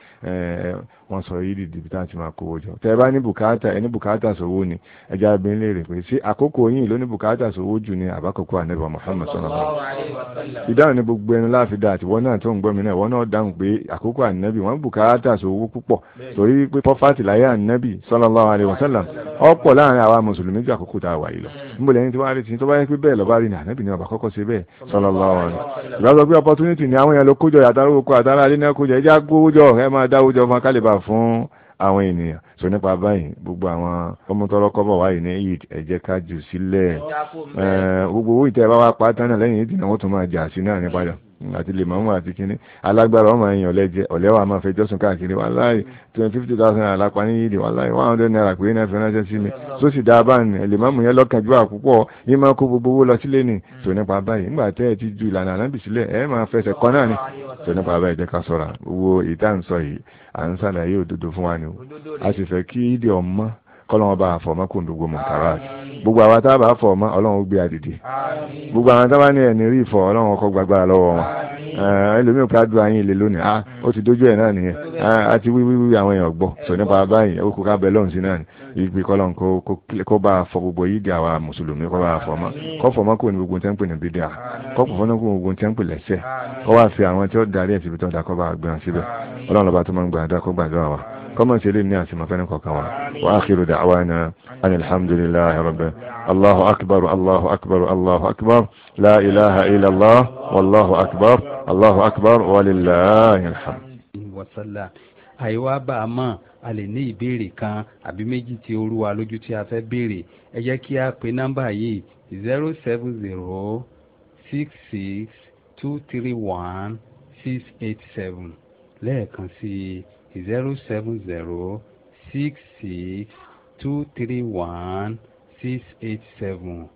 wọ́n sọ yìí dìdì bí táà ti máa kówó jọ tẹ́ ẹ bá ní bùkátà ẹ ní bùkátà sówó ni ẹja abin lè pé sí àkókò yìí ló ní bùkátà sówó jù ní àbákòókò ànẹ́bà Muhammad sallallahu alaihi wasallam ìdáhùn ní gbogbo ẹnu láàfin dà àtiwọ́ náà tó ń gbọ́ mi náà ìwọ náà dáhùn pé àkókò ànẹ́bì wọ́n bùkátà sówó púpọ̀ torí pé pọ́fàtì láyé ànẹ́bì sallallahu alaihi wasallam ọ̀pọ̀ láàrin àwa mùsùlùmí ju àkókò tá a wà yìí lọ níbo lẹ́yìn tí wọ́n á rí ti tó bá yẹ pé bẹ́ẹ̀ lọ́ba rí ni ànẹ́bì ni ọba kọ́kọ́ ṣe bẹ́ẹ̀ sallallahu alaihi wasallam ìbá sọ pé opportunity ni àwọn èèyàn ló kójọ yàtàrà oko àtàrà alẹ́ náà kójọ ẹjẹ́ àgbówójọ ẹ máa dáwójọ fún akálẹ̀ bá wà fún àwọn ènìyàn sọ nípa báyìí gbogbo àwọn ọmọtọrọkọbọ wáyé ní eid ẹ jẹ́ ká jù sílẹ̀ gbogbo owó ìtẹ́ bá wá pátánà lẹ́yìn ìdìnnà wọ́n tún máa jà sí náà ní àti lè mọ̀mọ́ àti kínní alágbára ọmọ ẹ̀yìn ọ̀lẹ́jẹ ọ̀lẹ́wà máa fẹ́ jọ́sùn káàkiri wàláhì twenty fifty thousand alápá ní yìí wàláhì one hundred naira pé náà fi ránṣẹ́ sí mi tó sì dá a bá ní lè mọ̀mọ́ yẹn lọ́kàn ju àkúpọ̀ yín máa kó gbogbo owó lọ sílé ni tó nípa báyìí nígbà tẹ́ ẹ ti ju ìlànà ànábì sílẹ̀ ẹ máa fẹsẹ̀ kọ́ náà ni tó nípa báyìí jẹ́ ká sọ̀ra owó ìtànsọ yìí à ń sàlàyé òdodo fún wa ni o a sì fẹ́ kí ìdí ọmọ kọ́lọ́wọ́n bá àfọ̀mọ́ kò ń dùn gbogbo mọ̀kàrà gbogbo àwọn tá a bá fọ̀mọ́ ọlọ́run gbé àdìdì gbogbo àwọn tá a bá ní ẹni rí ìfọ̀ ọlọ́run kọ́ gbàgbára lọ́wọ́ wọn ẹlòmíràn pé adùn ayé ilé lónìí ah, ó ti dójú ẹ̀ náà nìyẹn ah, a ti wíwíwí àwọn èèyàn gbọ́ sọ nípa báyìí ó kó ká bẹ lọ́hùn sí náà ni ìgbé kọ́lọ́n kó bá a fọ gbogbo yìí gà wá mùsùlùmí kó bá a fọ mọ́ kó fọ mọ́ kó ní gbogbo tẹ́ńpì ní bídíà kó fọ mọ́ kó ní gbogbo tẹ́ńpì lẹ́sẹ̀ kó wá fi àwọn tí ó darí ẹ̀ síbi tó ń da kó bá a gbé wọn síbẹ̀ ọlọ́run lọ́ba tó máa ń gbà kó gbàdúrà wa kọ́mọ̀ sí ilé ní àsìmọ̀kánì kọ̀ọ̀kan wa wa akhiru da'wana ani alhamdulillahi rabbil allahu akbar allahu akbar allahu akbar la ilaha illallah wallahu akbar allahu akbar walillahi alhamd. àyíwá bá a mọ̀ a lè ní ìbéèrè kan àbí méjì tí ó rú wa lójú tí a fẹ́ béèrè ẹ jẹ́ kí a pe nọ́mbà yìí zero seven zero six six two three one six eight seven lẹ́ẹ̀kan sí i zero seven zero six six two three one six eight seven.